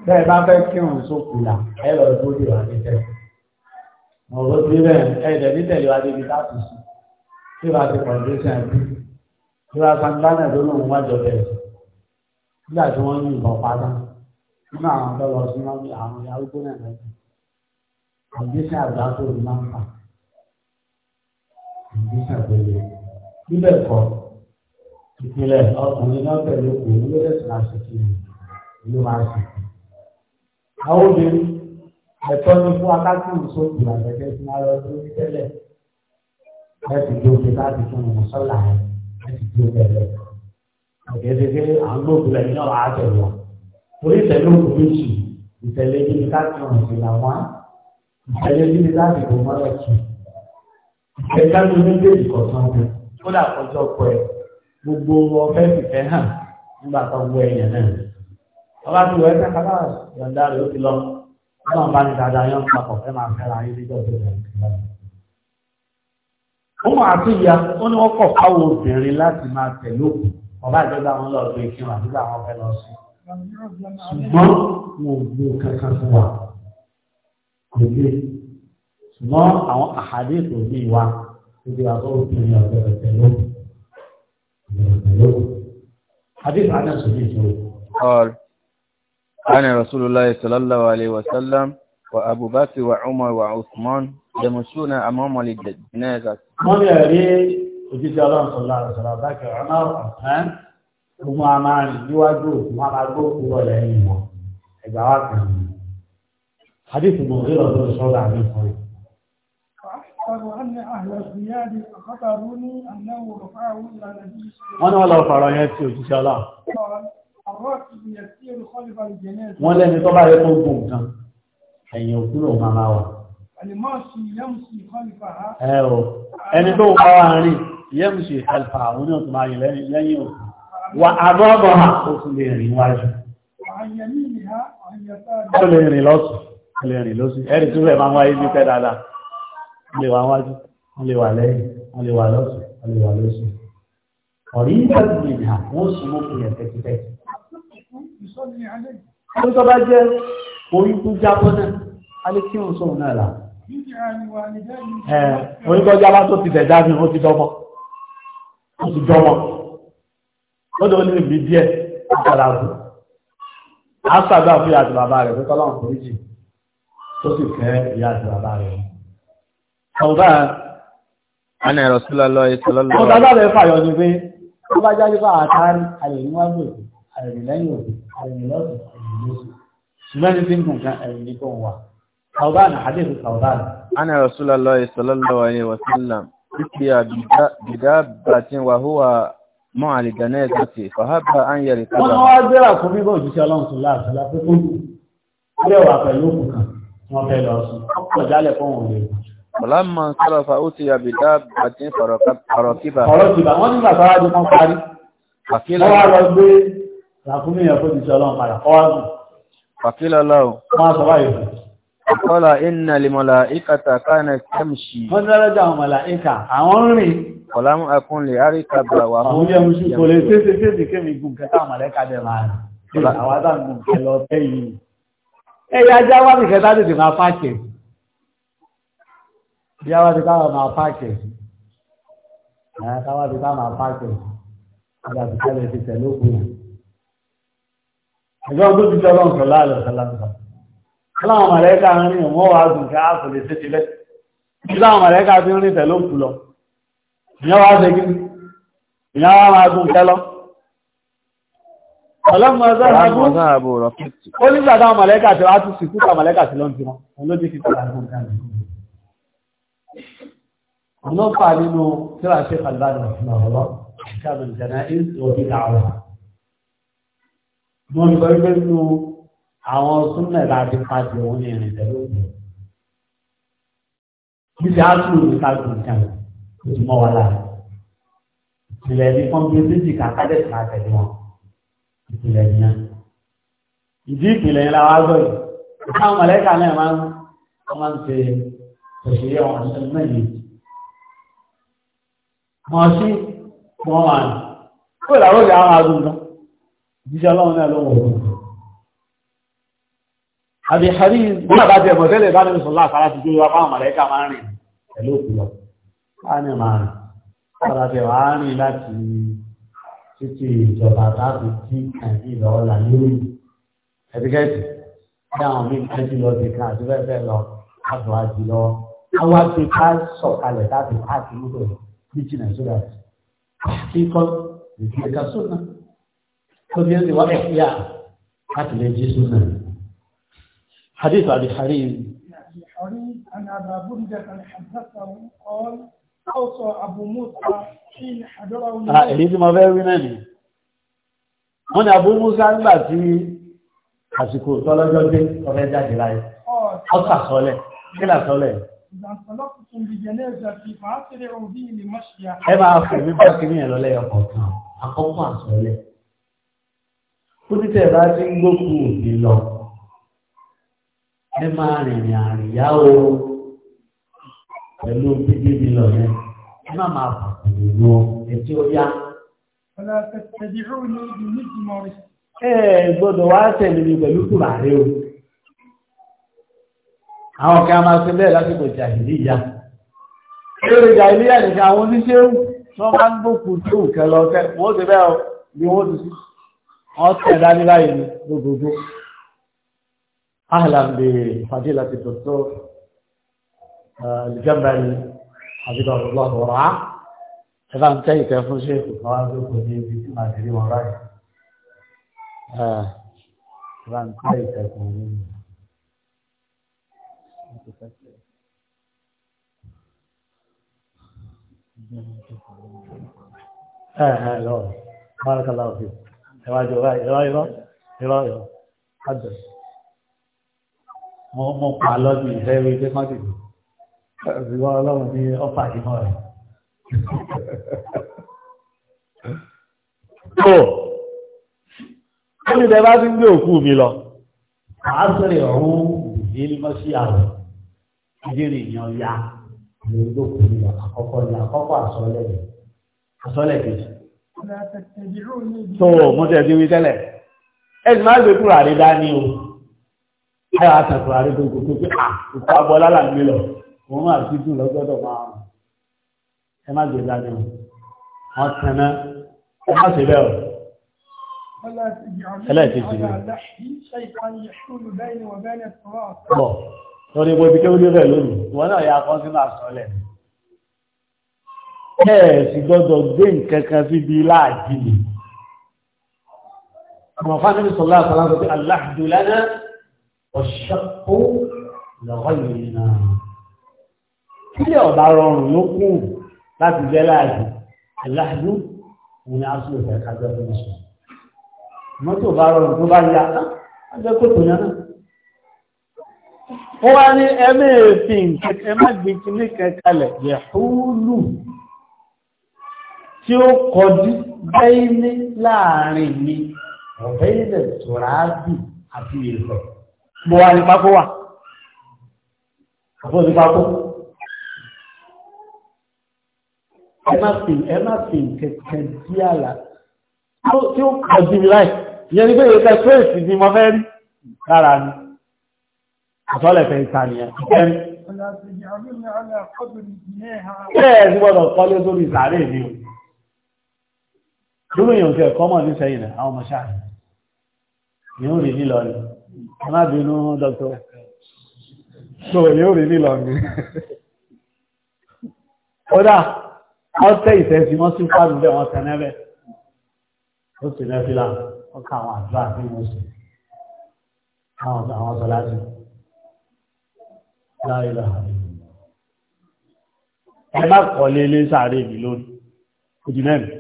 bẹ́ẹ̀ bá fẹ́ kírun sókùlà ẹ lọ gbódì wà ní tẹ̀lé. ọ̀rọ̀ ti rẹ̀ ẹ̀ẹ́dẹ̀ ní tẹ̀lé wa débi láti sùn tí wàá ti pàdé sẹ́yìn tí wàá sangbánà tó lóun wájọ bẹ̀rẹ̀ nígbà tí wọ́n yìnbọn padà nínú àwọn tó lọ sí wọn àwọn arúgbó náà lẹ́yìn àgbésẹ̀ àgbà tó lù máa ń fà àgbésẹ̀ àgbélé níbẹ̀ kọ́ ìpínlẹ̀ ọkùnrin náà pẹ̀lú òun ló tẹ̀sán àṣetì ìlú máa ṣe. àwọn obìnrin ẹ̀tọ́ ni fún akákùnrin sóògùn àgbẹ̀kẹ́ tí wọ́n lọ sí tẹ́lẹ̀ láti gbé oúnjẹ láti fún un mọ́sálà yẹn láti gbé oúnjẹ rẹ. Àgbẹ̀ ṣe pé à ń gbóògùn lẹ́yìn náà á tẹ̀lé wọn. Orí ìtẹ̀lé òkú méjì ìtẹ̀lé bí ní káàkiri ọ̀hún sí làwọn ìtẹ̀lé bí ní láti kò mọ́lẹ̀ kì í. Ìtẹ̀lé bí ní méjèèjì kọ̀ọ̀tàn rẹ̀ kó dà kọjọ́ pọ ẹ̀ gbogbo ọ̀fẹ́ fìfẹ́ hàn nígbà tó wọ ẹ̀yàn náà. Ọba ti wọ ẹ̀ka kábàá yọ̀ǹda rẹ̀ ó ti lọ. Ọlọ́run bá ní dáadáa yọ̀ ń papọ̀ fẹ́ máa fẹ́ra ayé níjọ́ tó rẹ̀ ọmọ àti ìyá ó ní wọ́n kọ̀ káwọ obìnrin láti máa tẹ̀lé òkú ọba ìjọba àwọn lọ́ọ̀dọ̀ ìkírun àdúgbò àwọn fẹ́ lọ sí ṣùgbọ́n wọn ò gbé kankan fún wa kò gbé ṣùgbọ́n àwọn àhàdé tó bí wa tó bí tó obìnrin ọ̀gbẹ̀rẹ̀ tẹ̀lé òkú ọ̀gbẹ̀rẹ̀ tẹ̀lé òkú àdéhùn àdéhùn sì ní ìṣòro. أنا رسول الله صلى الله عليه وسلم وأبو بكر وعمر وعثمان yẹmùsùnà àmọ́mọ́lì jẹ́nẹ́ẹ̀sà. wọ́n lè rí òjíṣẹ́ ọlọ́run sọ̀rọ̀ àrùsọ̀rọ̀ àbákẹ́ ọ̀nà ọ̀hán gbogbo àmà rìn níwájú òkun alágbó kúrò lẹ́yìn wọn ẹ̀gbà wà kàn mí. hadith mọ̀ rí ọ̀dọ́ sọ́dọ̀ àmì fún mi. wọ́n ní wọ́n lọ fọ̀rọ̀ yẹn tí òjíṣẹ́ ọlọ́run. wọ́n lẹ́ni tó bá yẹ kó gùn kan ẹ̀yìn òkú lòun máa wà ẹ o ẹni tó wà láàrin yẹ́mùsì kàlfà àwọn náà tó máa yìn lẹ́yìn o wà àbọ́bọ̀ ha ó tún lè rìn wájú ó lè rìn lọ́sùn ó lè rìn lọ́sùn ẹ̀rì tó rẹ̀ máa wáyé bí pẹ́ dáadáa ó lè wà wájú ó lè wà lẹ́yìn ó lè wà lọ́sùn ó lè wà lọ́sùn ọ̀rí ìgbàgbé ìhà oníkọjá bá tó ti tẹ̀dá ní ó ti dọ́mọ́ ó ti dọ́mọ́ lọ́dọ̀ ní ibi díẹ̀ àpàdà rù á sàgbà fún ìyá àti bàbá rẹ̀ pẹ́kọ́ láwọn oríjì tó sì fẹ́ ìyá àti bàbá rẹ̀ ọ̀gá àná ẹ̀rọ sílọ lọ ìtọ́lọ́ lọ ọ̀gá bá rẹ̀ fàyọ ni pé ó bá jáde bá àtàrí àyẹ̀níwájú àyẹ̀nìlẹ́yìn òbí àyẹ̀nìlọ́sùn àyẹ̀nìlọ́sùn ṣùgbọ́n ní tí nǹkan àyẹ̀nìkọ̀ wà ثوبان حديث ثوبان أنا رسول الله صلى الله عليه وسلم اتيا بدابة وهو مع الجنازة فهب أن يركبها wọ́n wá gbéra fún bíbọ̀ òjíṣẹ́ ọlọ́run sùn láàṣẹ lápẹ́kún lẹ́wà pẹ̀lú òkú kan wọ́n fẹ́ lọ sùn ọ̀pọ̀ jálẹ̀ fún òun lè ọ̀làmà ń sọ̀rọ̀ fa ó ti yàbí dáàbà tí ń fọ̀rọ̀ kíbà ọ̀rọ̀ kíbà wọ́n nígbà tó wájú kan parí wọ́n wá lọ gbé ràkúnmí ẹ̀kọ́ ìṣẹ́ ọlọ́run padà ọwọ́ gùn fàkílọ́lọ́ wọ́n á sọ báyìí Ọ̀kọ́lá iná lè mọ̀lá ìkàtà káàna kẹ́mṣì. Wọ́n dárẹ́jà àwọn mọ̀lá ìkà, àwọn rìn. Ọ̀lámú akún lè áríkà bàrà wà mú. Àwọn yẹn mú kò lè tètè tètè kémi ti káwọn máa pààkì. Àyà káwá ti láwọn mọ̀lẹ́kà ń rìn wọ́n wá gùn ká kò lè ṣe tilẹ̀ láwọn mọ̀lẹ́kà tí ń rìn tẹ̀ ló kù lọ ìyá wá ṣe gíní ìyá wá máa gùn kẹ́ lọ ọlọ́mọ̀ọ́sáàbò rọ̀kẹ́tì ó nígbà táwọn mọ̀lẹ́kà tí wá tún sì kúkà mọ̀lẹ́kà sí lọ́n ti wọn ló ti fi tọ́lá gùn ká nínú tíra ṣe àwọn súnmọ̀ láti pàdé òun ní ìrìn tẹ̀lé òun. Bíbi àtúrò ní káàkiri nǹkan ó ti mọ́ wa lára. Ìpìlẹ̀ ní pọ́ńpé méjì ká kájẹ̀ sí máa tẹ̀lé wọn. Ìpìlẹ̀ ní yẹn. Ìdí ìpìlẹ̀ yẹn la wá gbọ́ yìí. Àwọn mọ̀lẹ́kà náà máa ń máa ń ṣe òṣèré àwọn ọ̀sán mẹ́rin. Mọ̀ sí wọn wà ní. Kó làwọn ìyá àwọn àdúgbò. Ìdíṣẹ́ ọlọ́run náà ló wọ̀ wọ́n àbí àrí nígbà tí ẹ̀mọ̀ tẹ́lẹ̀ bá nínú sọ́lá àfárá ti gbé wa fáwọn mọ̀lẹ́kà máa rìn pẹ̀lú òkú lọ káàní máa láti títí ìjọba táàbù tí kan àti bẹ́ẹ̀ bẹ́ẹ̀ lọ àbọ̀ àjì lọ àwa ti ká sọ̀kalẹ̀ láti pààkì mọ́tò bíjì nàìjíríà kíkọ́ ìdílé ká sóná tó bí ó ti wá ẹ̀kíyà láti lè حديث أبي حريم عن أبا بندة حدثه قال أوصى أبو موسى حين حضره آه èyí tí mo fẹ́ wí náà ni wọ́n ní Abu Musa ń gbà tí àsìkò tọ́lọ́jọ́ dé ọ̀rẹ́ jáde láyé ọ̀sà sọlẹ̀ kí là sọlẹ̀ ẹ máa fẹ̀ mí bá kí ní ẹ̀ lọ́lẹ́ ọkọ̀ kan àkọ́kọ́ àsọlẹ̀ kó títẹ̀ bá ti ń gbókù òbí lọ ẹ máa rìnrìn àrìyá o pẹ̀lú bíbí mi lọ yẹn ẹ máa lọ ẹtí ó yá. gbọ́dọ̀ wá tẹ̀lé mi pẹ̀lú kùràrí o àwọn kan máa ṣe bẹ́ẹ̀ lásìkò jàhìlíyà lórí jàhìlíyà nìkan àwọn oníṣẹ́wù wọ́n máa ń gbókù tó kẹlọ kẹ wọ́n ti bẹ́ẹ̀ bí wọ́n ti sí wọ́n dání báyìí ní gbogbogbò. أهلا بفضيلة الدكتور الجمل حفظه الله ورعاه إذا انتهيت يا فو شيخ إذا انتهيت يا ها ها بارك الله فيك رواية رواية رواية رواية حدث wọ́n mọ̀ pa lọ́dún ìrẹ́rẹ́ ilé mọ́dìdì ìwọ ọlọ́run ní ọ́fà ìmọ̀ rẹ̀. tó ó ní bẹ́ẹ̀ bá ń gbé òkú mi lọ àásìrè ọ̀hún ìdílé mọ́ sí àrùn ìdílé ìyàn ya ní olókùn mi lọ àkọ́kọ́ ní àkọ́kọ́ àsọlẹ̀ yìí àsọlẹ̀ kejì. tó mo tẹ̀sí wí tẹ́lẹ̀ ẹ máa ń gbé kúrò àrídá ní o ẹ wá sàtò àrídò kòtò pé à ìkọ abọlá là ń gbé lọ òun máa fi dùn lọgbọdọ máa rùn ẹ má gbé dání o wọn tẹná ẹ má ṣe bẹ́ẹ̀ o. ẹlẹ́ẹ̀kejì ni bọ̀ lórí ibo ibi kéwúdé bẹ́ẹ̀ lónìí ìwọ náà yà kán sínú àsọlẹ̀ ẹ sì gbọ́dọ̀ gbé nǹkan kan síbi láàjì ni àwọn fáńtì sọlá àtàlà sọ pé aláàdúlá náà. والشق لغيرنا kílẹ̀ ọ̀bá rọrùn ló kún láti jẹ́ láàájú aláàjú òun ni aṣọ ìfẹ́ kájọ fún ìṣù mọ́tò bá rọrùn tó bá yá ajẹ́ kòtò yẹn náà ó wá ní ẹmẹ́ èéfì ẹ má gbé kíní kẹkalẹ̀ yẹ̀húlù tí ó kọjú bẹ́ẹ̀ ní láàrin mi ọ̀bẹ́ ilẹ̀ tòrábì àti ìfẹ́ bó wá ní pákó wà àbó ní pákó. ẹ má fi ẹ má fi kẹ̀kẹ́ dí àlà tí ó kọ̀ sí mi láì ìyẹn ni pé ìrẹsẹ̀ fèsì ni mo fẹ́ rí lára ni àtọ́lẹ̀ fẹ́ ìta nìyẹn ìfẹ́ mi. Bẹ́ẹ̀ ni gbọ́dọ̀ kọ́lé lórí ìsàárè mi o. Dúró èèyàn ti ẹ̀kọ́ mọ̀ nísẹ̀yìn rẹ̀, àwọn ọmọ ṣáà. Ìyẹn ò rí nílọ rẹ̀ má bínú dọ́tọ̀ so yóò rí ní lọ́nà kódà wọ́n tẹ́ ìtẹ́sí wọ́n sí fáàdùn bẹ́ẹ̀ wọ́n tẹ̀lé bẹ́ẹ̀ ó sì lẹ́ fílà wọ́n ká àwọn àdúrà tí mo sì àwọn sọ láti láì lọ ẹ má kọ́lé ilé sáré mi lónìí ojú mẹ́rin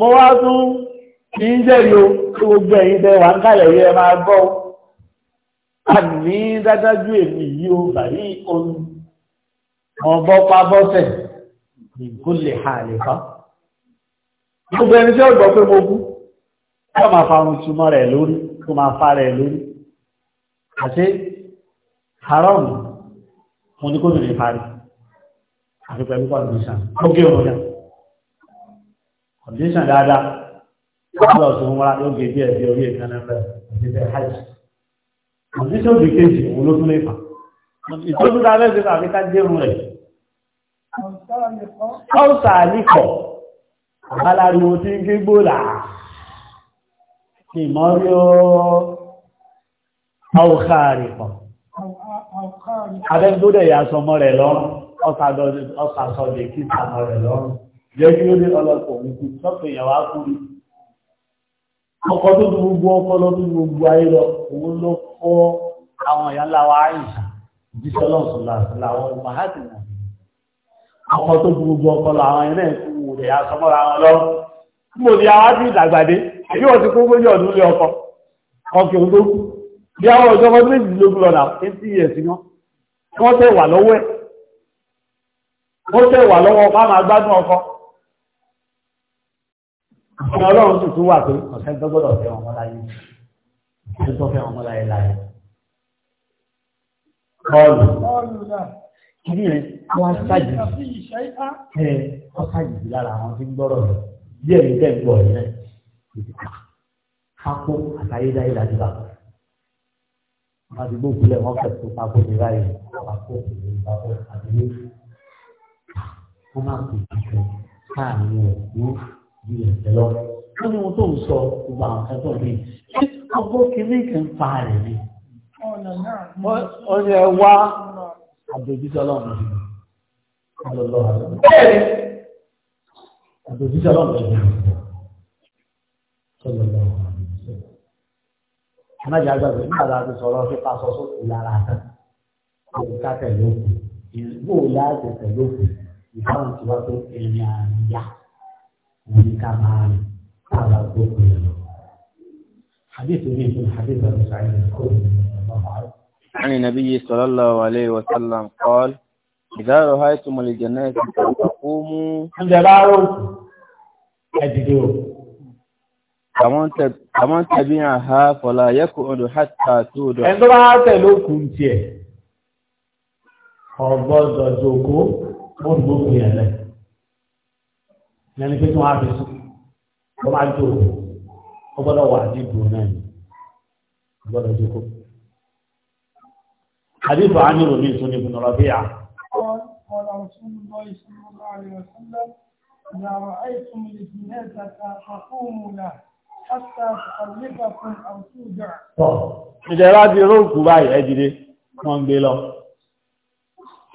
Mo wá tún kì í jẹ́rìí o tí gbogbo ẹ̀yin bẹ wà ń kàlẹ̀ yẹ máa gbọ́ o àmì dájájú èmi yìí o bàyí ohun ọ̀bọ pa bọ́sẹ̀ nǹkan lè ha lè fa gbogbo ẹni tí ó gbọ́ pé mo kú yóò máa farun túmọ̀ rẹ̀ lórí kó máa fa rẹ̀ lórí àti haram mo ní kó mi lè parí àti pẹ̀lú kọ́ndíṣàn ó gé òun náà kọ́ndíṣàn dáadáa lọ sí múra yóò gé díẹ̀ bí orí ìkan náà bẹ̀rẹ̀ ìdílé hajj òṣìṣẹ́ òbí kejì òun ló tún lè fà ìtọ́jú tá a fẹ́ fi tàbí ká dérun rẹ̀ ọ̀sà nìkọ̀ aláriwo tí ń gé gbòòlà ìmọ̀ rí ó ọ̀ọ̀ká rẹ̀ pọ̀ abẹ́gbódẹ̀ yà sọmọ rẹ̀ lọ́rùn ọ̀sà sọ̀dẹ̀ kí sàmọ rẹ̀ lọ́rùn jẹ́ kí ó dé ọlọ́pọ̀ òun kú sọ́pẹ̀ ìyàwó á kúrú ọkọ tó ti gbogbo ọkọ lọ tó gbogbo ayé lọ òun ló kọ́ àwọn èèyàn láwa àyíṣà jíṣẹ́ lọ́sùn làwọn ọmọ àti wọn ọkọ tó ti gbogbo ọkọ lọ àwọn ẹ̀rẹ́ ìkú rẹ̀ asọmọ́ra wọn lọ́wọ́ mo ní àwọn àti ìdàgbàdé èyí wọ́n ti kó gbójú ọdún lé ọkọ ọkẹ òun ló kú bí àwọn ọjọ́ ọdún méjìlélógún lọ́nà eighty years ni wọ́n tẹ̀ wà lọ́wọ́ ẹ̀ wọ́n tẹ̀ wà lọ́wọ́ ọkọ àmàgbádùn ọkọ àwọn ọlọ́run sì tún wà pé ọ̀sẹ̀ tó gbọ́dọ̀ fẹ́ wọn mọ́láyé ọ̀sẹ̀ tó fẹ́ wọn mọ́láyé láyé. bọ́ọ̀lù kìíní rẹ̀ wọ́n ṣàjì ẹ̀ wọ́n ṣàjì lára àwọn tí ń gbọ́rọ̀ rẹ̀ bí ẹ̀mí bẹ́ẹ̀ gbọ́ ẹ̀ rẹ̀ kápó àtayédáyé láti bá wọn ti gbóògùn lẹ̀ wọ́n fẹ̀ tó pápó ní ráyè pápó ní pápó àti wọ́n máa ń pè é ju ẹ̀sẹ̀ lọ. wọ́n ní wọn tó ń sọ gbogbo àwọn kan tó ní ṣé ọgbọ́n kìíní kan pa rẹ̀ ni. ọ̀nà ẹ̀ wá àdójútọ́ lọ́wọ́ mi. bẹ́ẹ̀ ni àdójútọ́ lọ́wọ́ mi. Anájà gbàgbé nígbà tá a ti sọ̀rọ̀ sí pásọ sókè lára tán. Àwọn ká tẹ̀lé òkú. Ìgbò láti tẹ̀lé òkú. Ìbáwọn ti wá tó ẹ̀yìn àríyá òní ká máa rìn káàbà gbókùn yẹn lọ. حديث ابي بن حديث ابي سعيد الخدري رضي الله عنه عن النبي صلى الله عليه وسلم قال إذا رأيتم الجنة فقوموا عند العرب أجدوا Àwọn tàbí àhá fọ́lá yẹ́kùn odò hátà tó odò. Ẹni tó bá tẹ̀lé òkun tiẹ̀, ọ̀gbọ́dọ̀ jòkó, ó dùgbò kìí ẹ̀lẹ́ lẹ́ni pé tí wọ́n á fi sùn wọ́n máa jó ó gbọ́dọ̀ wà dídò náà ni gbọ́dọ̀ jókòó. حديث عن ربيع بن ربيعة قال قال رسول الله صلى الله عليه وسلم إذا رأيتم الجنازة فقوموا له حتى تقلبكم أو توجع. ìjẹ́ láti rókù báyìí ẹ̀dìdẹ́ wọ́n ń gbé lọ.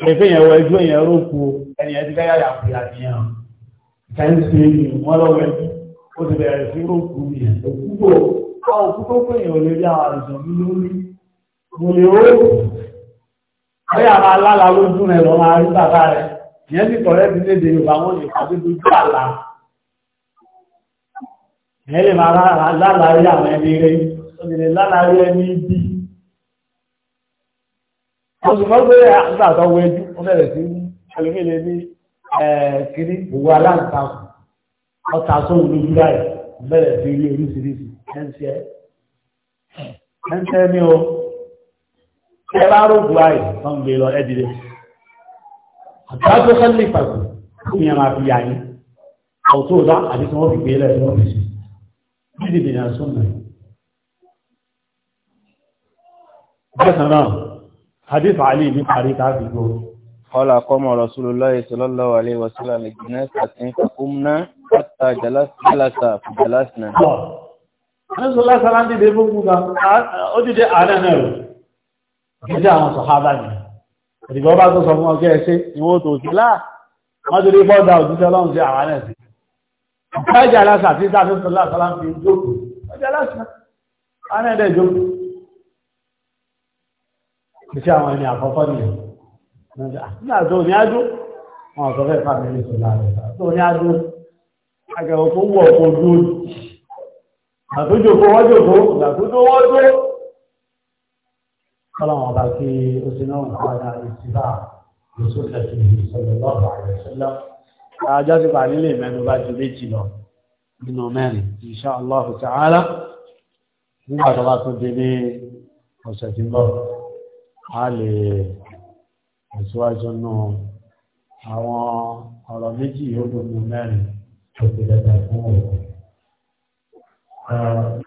ẹ̀fẹ́ yẹn wọ ẹjọ́ yẹn rókù ẹni ẹ̀dí káyà yà fìyà nìyẹn. kẹ́ńsì ni wọ́n lọ́wọ́ ẹni ó ti bẹ̀rẹ̀ sí òkú òkúgbò tó àwọn àrùsàn mi lórí mo lè ó lójú lọ máa rí bàbá ti léde lè pàdé lójú àlá lè máa rí àwọn ẹni ó lè rí ẹni bí ó bẹ̀rẹ̀ sí ní kiri òwò aláǹtakùn ọta sóhun lójú láì bẹ̀rẹ̀ sí ilé oríṣiríṣi ẹnṣẹ́ ẹnṣẹ́ ní o ẹ bá rògbò àì tán gbé lọ ẹdìdẹ àtàkó sẹ́lẹ̀ pàtó fún yẹn máa fi yà yín ọ̀tún ọ̀dá àti tí wọ́n fi gbé lẹ̀ ní ọ̀fíìsì bí ìdìbò yẹn sún mọ́ bẹ́ẹ̀ náà hadith Ali ní parí káàkiri gbogbo قال قام رسول الله صلى الله عليه وسلم الجنازة فقمنا حتى جلس جلس فجلسنا رسول الله صلى الله عليه وسلم أجد أنا نرو جدا àwọn sọ̀hábà ni ìdìgbọ́ bá tó sọ fún ọjọ́ ẹ̀ṣẹ́ ìwọ́n tó sí láà wọ́n tó rí bọ́ọ̀dá nígbà tó ní adó wọn sọ fẹ́ fàmí ní sọ láàrin tó ní adó akẹ́wọ̀n tó wọ̀ ọkọ̀ ojú òjì àtúnjòkó wọ́n jòkó ìgbàtúndó wọ́n tó kọ́lọ̀wọ̀n bá kí ó sì náà padà ìsìlá lóṣù kẹsì ìsọ̀lọ́lọ́pàá àrẹ̀sọ́lá ajásípa nílé mẹ́nu bá ju méjì lọ nínú mẹ́rin insha Allah ta'ala nígbà bá tún dé ní ọ̀sẹ̀ tí ń a lè ìṣíwájú nù àwọn ọ̀rọ̀ méjì yóò lò ní mẹ́rin tó ti dẹ̀dẹ̀ fún òun.